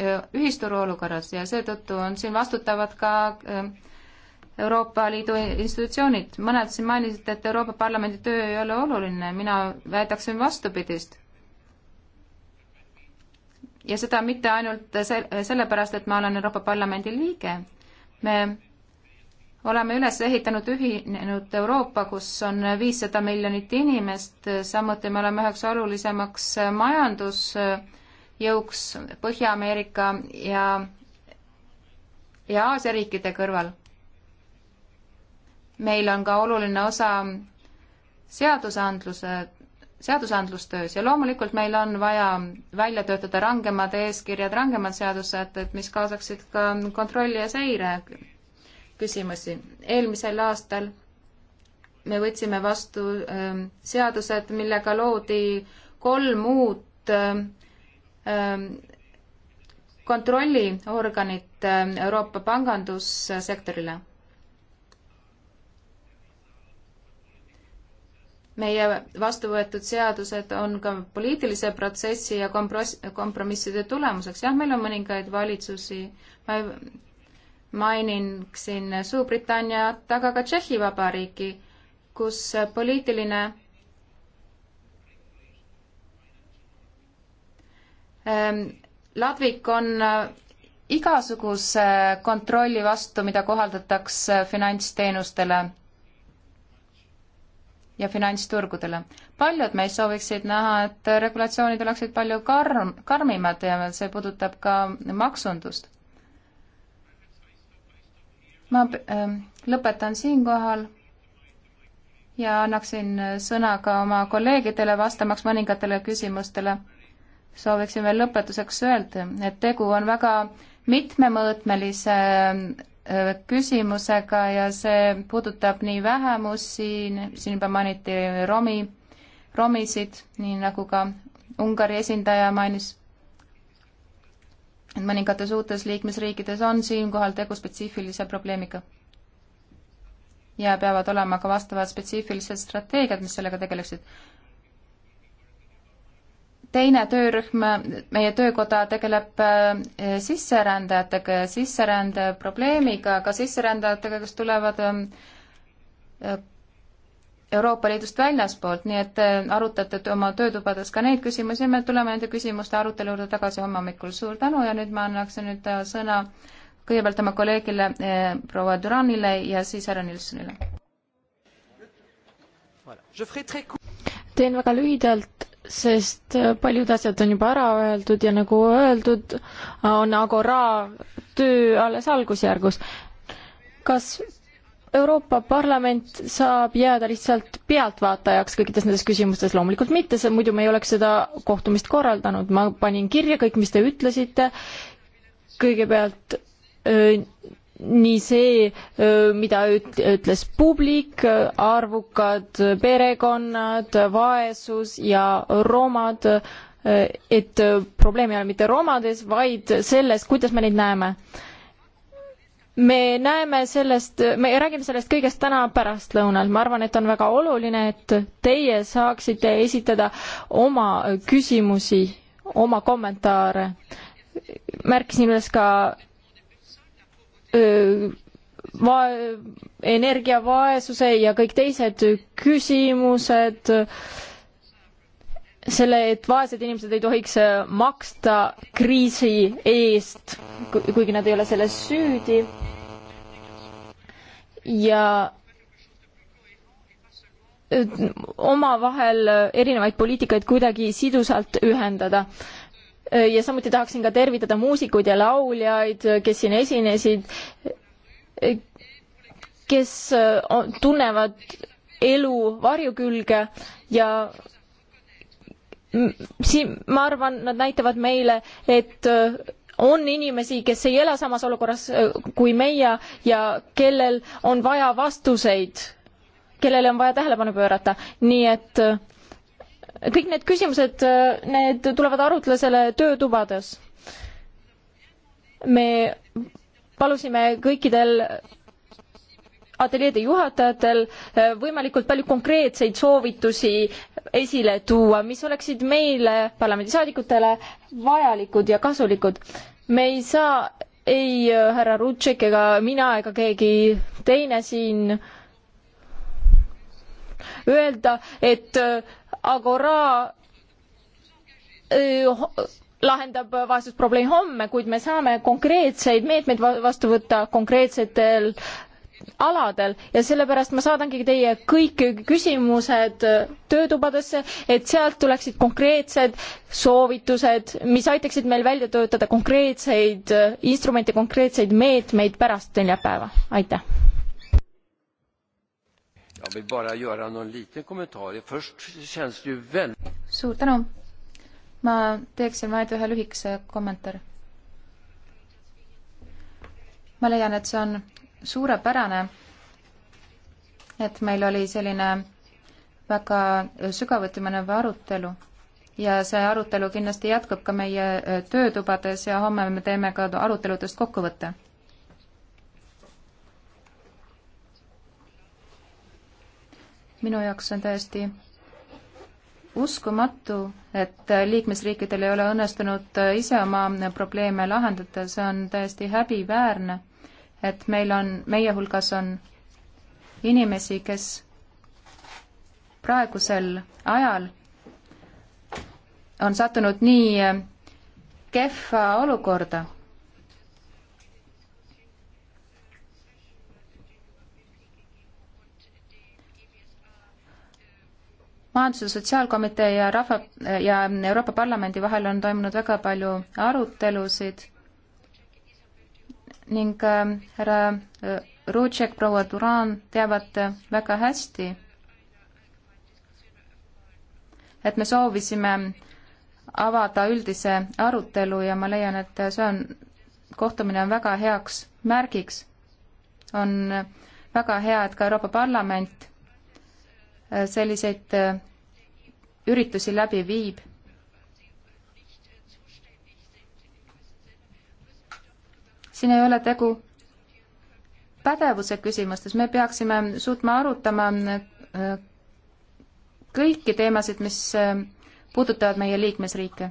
ühisturu olukorras ja seetõttu on siin vastutavad ka Euroopa Liidu institutsioonid. mõned siin mainisid, et Euroopa Parlamendi töö ei ole oluline, mina väidaksin vastupidist. ja seda mitte ainult se-, sellepärast, et ma olen Euroopa Parlamendi liige, me oleme üles ehitanud ühinenud Euroopa, kus on viissada miljonit inimest, samuti me oleme üheks olulisemaks majandus- jõuks Põhja-Ameerika ja, ja Aasia riikide kõrval. meil on ka oluline osa seadusandluse, seadusandlustöös ja loomulikult meil on vaja välja töötada rangemad eeskirjad, rangemad seadused, et mis kaasaksid ka kontrolli ja seire küsimusi. eelmisel aastal me võtsime vastu äh, seadused, millega loodi kolm uut äh, Ähm, kontrolliorganit ähm, Euroopa pangandussektorile. meie vastu võetud seadused on ka poliitilise protsessi ja kompromiss, kompromisside tulemuseks. jah, meil on mõningaid valitsusi, ma mainiksin Suurbritanniat, aga ka Tšehhi Vabariiki, kus poliitiline Ehm, ladvik on äh, igasuguse kontrolli vastu, mida kohaldatakse finantsteenustele ja finantsturgudele. paljud meist sooviksid näha, et regulatsioonid oleksid palju karm, karmimad ja see puudutab ka maksundust. ma äh, lõpetan siinkohal ja annaksin sõna ka oma kolleegidele, vastamaks mõningatele küsimustele sooviksin veel lõpetuseks öelda, et tegu on väga mitmemõõtmelise äh, küsimusega ja see puudutab nii vähemusi, siin juba mainiti romi, romisid, nii nagu ka Ungari esindaja mainis, et mõningates uutes liikmesriikides on siinkohal tegu spetsiifilise probleemiga. ja peavad olema ka vastavad spetsiifilised strateegiad, mis sellega tegeleksid teine töörühm, meie töökoda tegeleb eh, sisserändajatega ja sisserände probleemiga, ka sisserändajatega, kes tulevad eh, Euroopa Liidust väljaspoolt, nii et eh, arutate oma töötubades ka neid küsimusi, me tuleme nende küsimuste arutelu juurde tagasi homme hommikul, suur tänu ja nüüd ma annaksin nüüd sõna kõigepealt oma kolleegile eh, proua Duranile ja siis härra Nilssonile. teen väga lühidalt sest äh, paljud asjad on juba ära öeldud ja nagu öeldud, on Agora töö alles algusjärgus. kas Euroopa Parlament saab jääda lihtsalt pealtvaatajaks kõikides nendes küsimustes, loomulikult mitte, see muidu me ei oleks seda kohtumist korraldanud, ma panin kirja kõik, mis te ütlesite, kõigepealt öö, äh, nii see, mida ütles publik, arvukad perekonnad, vaesus ja romad, et probleem ei ole mitte romades, vaid selles, kuidas me neid näeme. me näeme sellest, me räägime sellest kõigest täna pärastlõunal, ma arvan, et on väga oluline, et teie saaksite esitada oma küsimusi, oma kommentaare. märkisin üles ka va-, energiavaesuse ja kõik teised küsimused, selle, et vaesed inimesed ei tohiks äh, maksta kriisi eest, kuigi nad ei ole selles süüdi. ja omavahel erinevaid poliitikaid kuidagi sidusalt ühendada Äh, ja samuti tahaksin ka tervitada muusikuid ja lauljaid, kes siin esinesid, äh, kes äh, tunnevad elu varjukülge ja siin ma arvan, nad näitavad meile, et on inimesi, kes ei ela samas olukorras kui meie ja kellel on vaja vastuseid, kellele on vaja tähelepanu pöörata, nii et äh, kõik need küsimused, äh, need tulevad arutlusele töötubades. me palusime kõikidel ateljeede juhatajatel äh, võimalikult palju konkreetseid soovitusi esile tuua, mis oleksid meile, parlamendisaadikutele, vajalikud ja kasulikud. me ei saa ei äh, härra Rutšek ega mina ega keegi teine siin öelda, et äh, Agora eh, lahendab vaesusprobleemi homme, kuid me saame konkreetseid meetmeid vastu võtta konkreetsetel aladel ja sellepärast ma saadangi teie kõik küsimused töötubadesse, et sealt tuleksid konkreetsed soovitused, mis aitaksid meil välja töötada konkreetseid instrumente, konkreetseid meetmeid pärast neljapäeva. aitäh! Jag vill bara göra någon liten kommentar. Först känns det ju väldigt... Suur tänu. Ma teeksin vaid ühe lühikese kommentaari. Ma leian, et see on suurepärane, et meil oli selline väga sügavuti minev arutelu ja see arutelu kindlasti jätkub ka meie töötubades ja homme me teeme ka aruteludest kokkuvõtte minu jaoks on täiesti uskumatu, et liikmesriikidel ei ole õnnestunud ise oma probleeme lahendada, see on täiesti häbiväärne, et meil on, meie hulgas on inimesi, kes praegusel ajal on sattunud nii kehva olukorda majandus- ja sotsiaalkomitee ja rahva ja Euroopa Parlamendi vahel on toimunud väga palju arutelusid ning äh, härra äh, Rutšek, proua Duran teavad äh, väga hästi, et me soovisime avada üldise arutelu ja ma leian, et see on, kohtumine on väga heaks märgiks. on väga hea, et ka Euroopa Parlament Äh, selliseid äh, üritusi läbi viib. siin ei ole tegu pädevuse küsimustes, me peaksime suutma arutama äh, kõiki teemasid, mis puudutavad meie liikmesriike.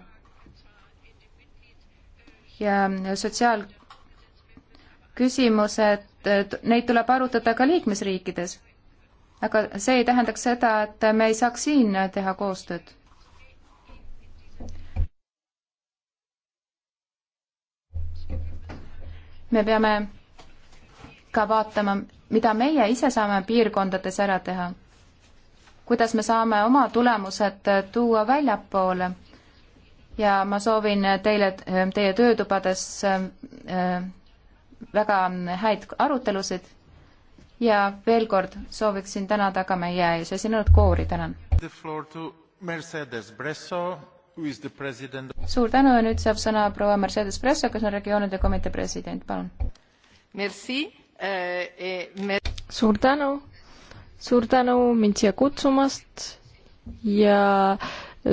ja sotsiaalküsimused, neid tuleb arutada ka liikmesriikides aga see ei tähendaks seda, et me ei saaks siin teha koostööd. me peame ka vaatama, mida meie ise saame piirkondades ära teha. kuidas me saame oma tulemused tuua väljapoole ja ma soovin teile, teie töötubades äh, äh, väga häid arutelusid ja veel kord sooviksin tänada ka meie esinenud koori, tänan. suur tänu ja nüüd saab sõna proua Mercedes Bresso, kes on regioonide komitee president, palun. Eh, eh, suur tänu, suur tänu mind siia kutsumast ja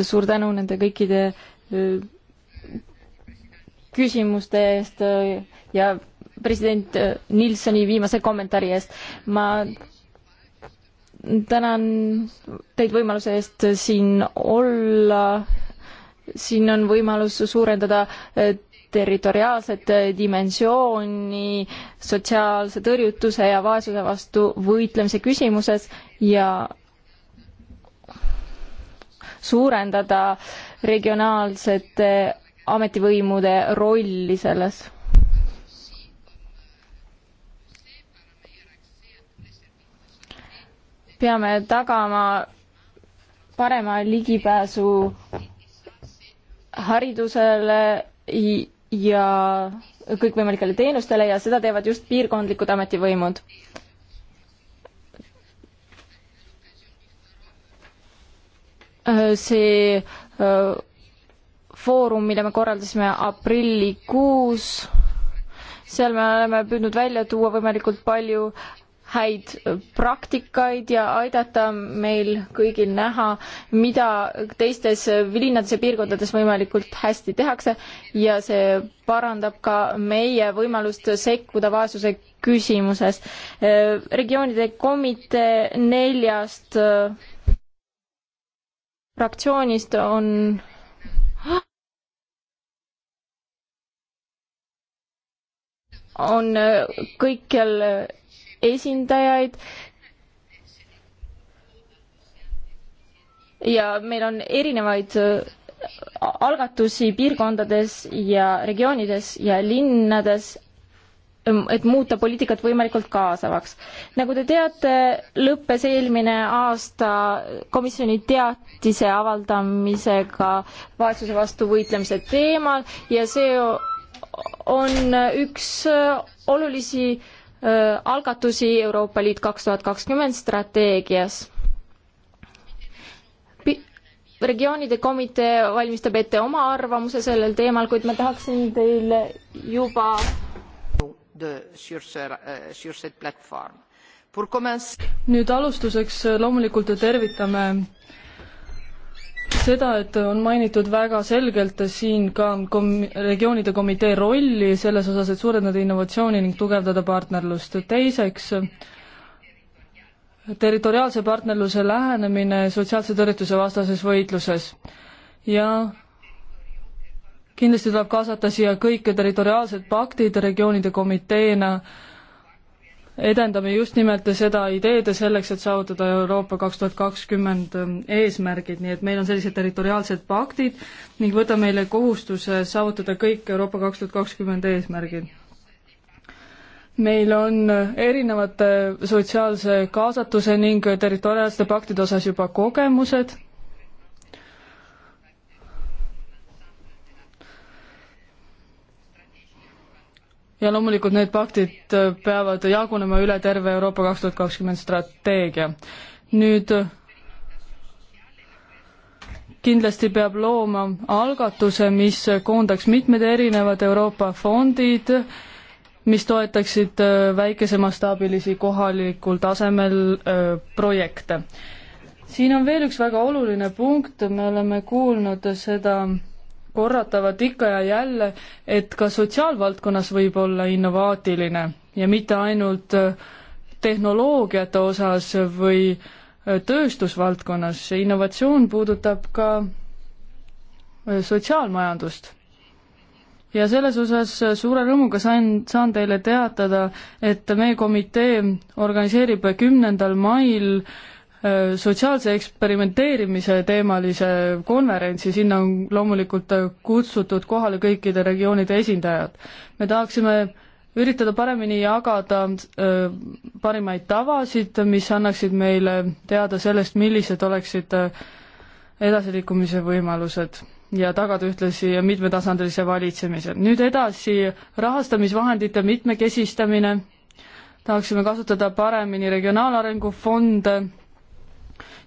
suur tänu nende kõikide eh, küsimuste eest ja president äh, Nilsoni viimase kommentaari eest. ma tänan teid võimaluse eest siin olla. siin on võimalus suurendada äh, territoriaalset äh, dimensiooni sotsiaalse tõrjutuse ja vaesuse vastu võitlemise küsimuses ja suurendada regionaalsete ametivõimude rolli selles peame tagama parema ligipääsu haridusele ja kõikvõimalikele teenustele ja seda teevad just piirkondlikud ametivõimud. see foorum, mille me korraldasime aprillikuus, seal me oleme püüdnud välja tuua võimalikult palju häid praktikaid ja aidata meil kõigil näha, mida teistes linnades ja piirkondades võimalikult hästi tehakse ja see parandab ka meie võimalust sekkuda vaesuse küsimuses. regioonide komitee neljast äh, fraktsioonist on on äh, kõikjal esindajaid ja meil on erinevaid äh, algatusi piirkondades ja regioonides ja linnades, ähm, et muuta poliitikat võimalikult kaasavaks. nagu te teate, lõppes eelmine aasta komisjoni teatise avaldamisega vaesuse vastu võitlemise teemal ja see on üks äh, olulisi äh, algatusi Euroopa Liit kaks tuhat kakskümmend strateegias. regioonide komitee valmistab ette oma arvamuse sellel teemal, kuid ma tahaksin teile juba äh, nüüd alustuseks äh, loomulikult tervitame seda, et on mainitud väga selgelt siin ka kom-, regioonide komitee rolli selles osas, et suurendada innovatsiooni ning tugevdada partnerlust. teiseks, territoriaalse partnerluse lähenemine sotsiaalse tõrjutuse vastases võitluses ja kindlasti tuleb kaasata siia kõik territoriaalsed paktid regioonide komiteena äh, edendame just nimelt seda ideed selleks, et saavutada Euroopa kaks tuhat kakskümmend eesmärgid, nii et meil on sellised territoriaalsed paktid ning võta meile kohustuse saavutada kõik Euroopa kaks tuhat kakskümmend eesmärgid meil on erinevate sotsiaalse kaasatuse ning territoriaalsete paktide osas juba kogemused ja loomulikult need paktid äh, peavad jagunema üle terve Euroopa kaks tuhat kakskümmend strateegia. nüüd kindlasti peab looma algatuse, mis koondaks mitmed erinevad Euroopa fondid, mis toetaksid äh, väikesemastaabilisi kohalikul tasemel äh, projekte. siin on veel üks väga oluline punkt, me oleme kuulnud seda korratavad ikka ja jälle, et ka sotsiaalvaldkonnas võib olla innovaatiline ja mitte ainult äh, tehnoloogiate osas või äh, tööstusvaldkonnas, see innovatsioon puudutab ka äh, sotsiaalmajandust. ja selles osas suure rõõmuga sain, saan teile teatada, et meie komitee organiseerib kümnendal mail äh, Äh, sotsiaalse eksperimenteerimise teemalise konverentsi, sinna on loomulikult äh, kutsutud kohale kõikide regioonide esindajad. me tahaksime üritada paremini jagada äh, parimaid tavasid, mis annaksid meile teada sellest, millised oleksid edasiliikumise võimalused ja tagada ühtlasi mitmetasandilise valitsemise. nüüd edasi, rahastamisvahendite mitmekesistamine, tahaksime kasutada paremini regionaalarengu fonde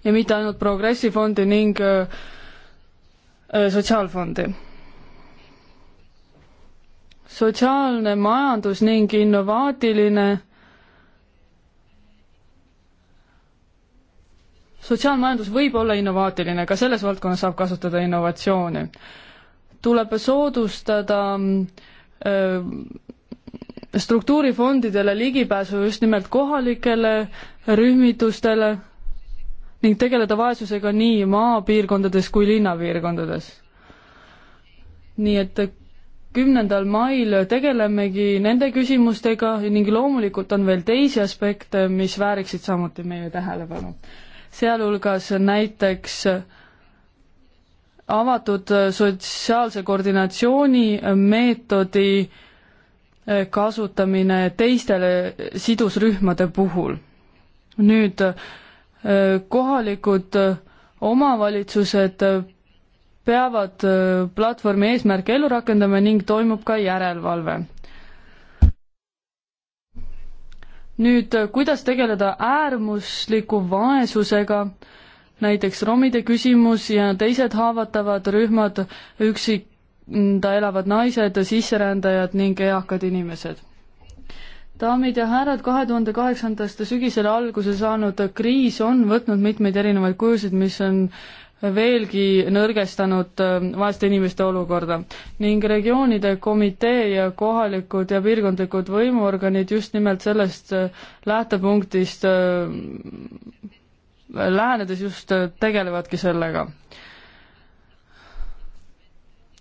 ja mitte ainult Progressi fondi ning sotsiaalfondi. sotsiaalne majandus ning innovaatiline sotsiaalmajandus võib olla innovaatiline, ka selles valdkonnas saab kasutada innovatsiooni. tuleb soodustada struktuurifondidele ligipääsu just nimelt kohalikele rühmitustele ning tegeleda vaesusega nii maapiirkondades kui linnapiirkondades. nii et kümnendal mail tegelemegi nende küsimustega ning loomulikult on veel teisi aspekte, mis vääriksid samuti meie tähelepanu. sealhulgas näiteks avatud sotsiaalse koordinatsiooni meetodi kasutamine teistele sidusrühmade puhul. nüüd kohalikud omavalitsused peavad äh, platvormi eesmärke ellu rakendama ning toimub ka järelevalve. nüüd, äh, kuidas tegeleda äärmusliku vaesusega, näiteks romide küsimus ja teised haavatavad rühmad, üksinda mm, elavad naised, sisserändajad ning eakad inimesed daamid ja härrad, kahe tuhande kaheksandast sügisele alguse saanud kriis on võtnud mitmeid erinevaid kujusid, mis on veelgi nõrgestanud äh, vaeste inimeste olukorda ning regioonide komitee ja kohalikud ja piirkondlikud võimuorganid just nimelt sellest äh, lähtepunktist äh, lähenedes just tegelevadki sellega.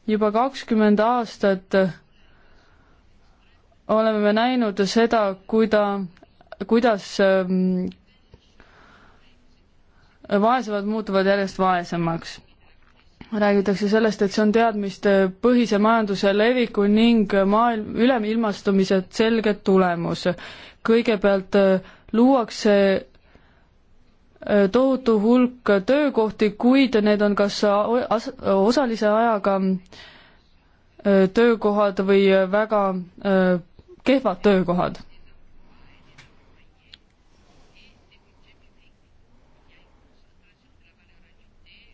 juba kakskümmend aastat oleme me näinud seda, kuida, kuidas ähm, vaesemad muutuvad järjest vaesemaks. räägitakse sellest, et see on teadmistepõhise majanduse leviku ning maailm, üleilmastumise selge tulemus. kõigepealt äh, luuakse äh, tohutu hulk töökohti, kuid need on kas osalise ajaga äh, töökohad või väga kehvad töökohad.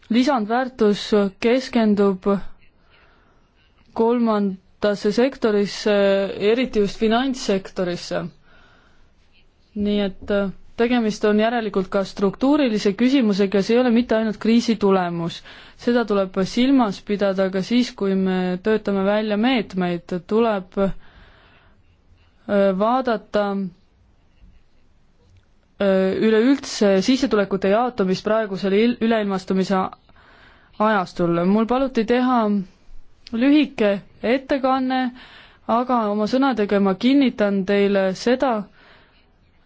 lisandväärtus keskendub kolmandasse sektorisse, eriti just finantssektorisse. nii et äh, tegemist on järelikult ka struktuurilise küsimusega, see ei ole mitte ainult kriisi tulemus. seda tuleb silmas pidada ka siis, kui me töötame välja meetmeid, tuleb äh, vaadata üleüldse sissetulekute jaotumist praegusel il-, üleilmastumise ajastul. mul paluti teha lühike ettekanne, aga oma sõnadega ma kinnitan teile seda,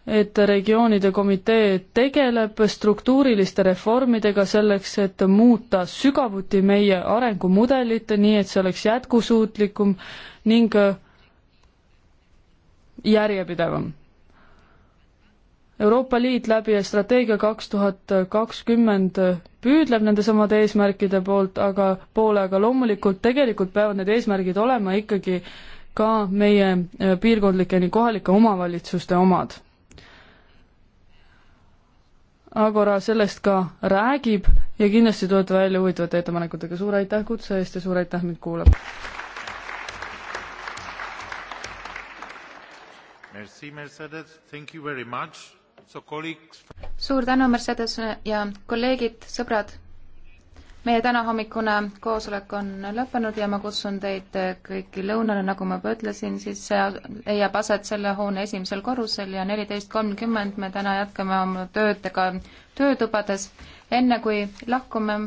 et regioonide komitee tegeleb struktuuriliste reformidega selleks, et muuta sügavuti meie arengumudelit, nii et see oleks jätkusuutlikum ning äh, järjepidevam. Euroopa Liit läbi strateegia kaks tuhat kakskümmend püüdleb nende samade eesmärkide poolt, aga poole, aga loomulikult tegelikult peavad need eesmärgid olema ikkagi ka meie eh, piirkondlike ning kohalike omavalitsuste omad. Agora sellest ka räägib ja kindlasti tulete välja huvitavate ettepanekutega, suur aitäh kutse eest ja suur aitäh mind kuulamast! suur tänu, Mercedes ja kolleegid, sõbrad. meie tänahommikune koosolek on lõppenud ja ma kutsun teid kõiki lõunale, nagu ma juba ütlesin, siis see leiab aset selle hoone esimesel korrusel ja neliteist kolmkümmend me täna jätkame oma töödega töötubades. enne kui lahkume,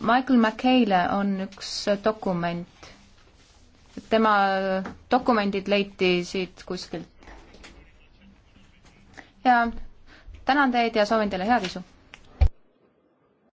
Michael McHale'le on üks dokument tema dokumendid leiti siit kuskilt. ja tänan teid ja soovin teile head isu!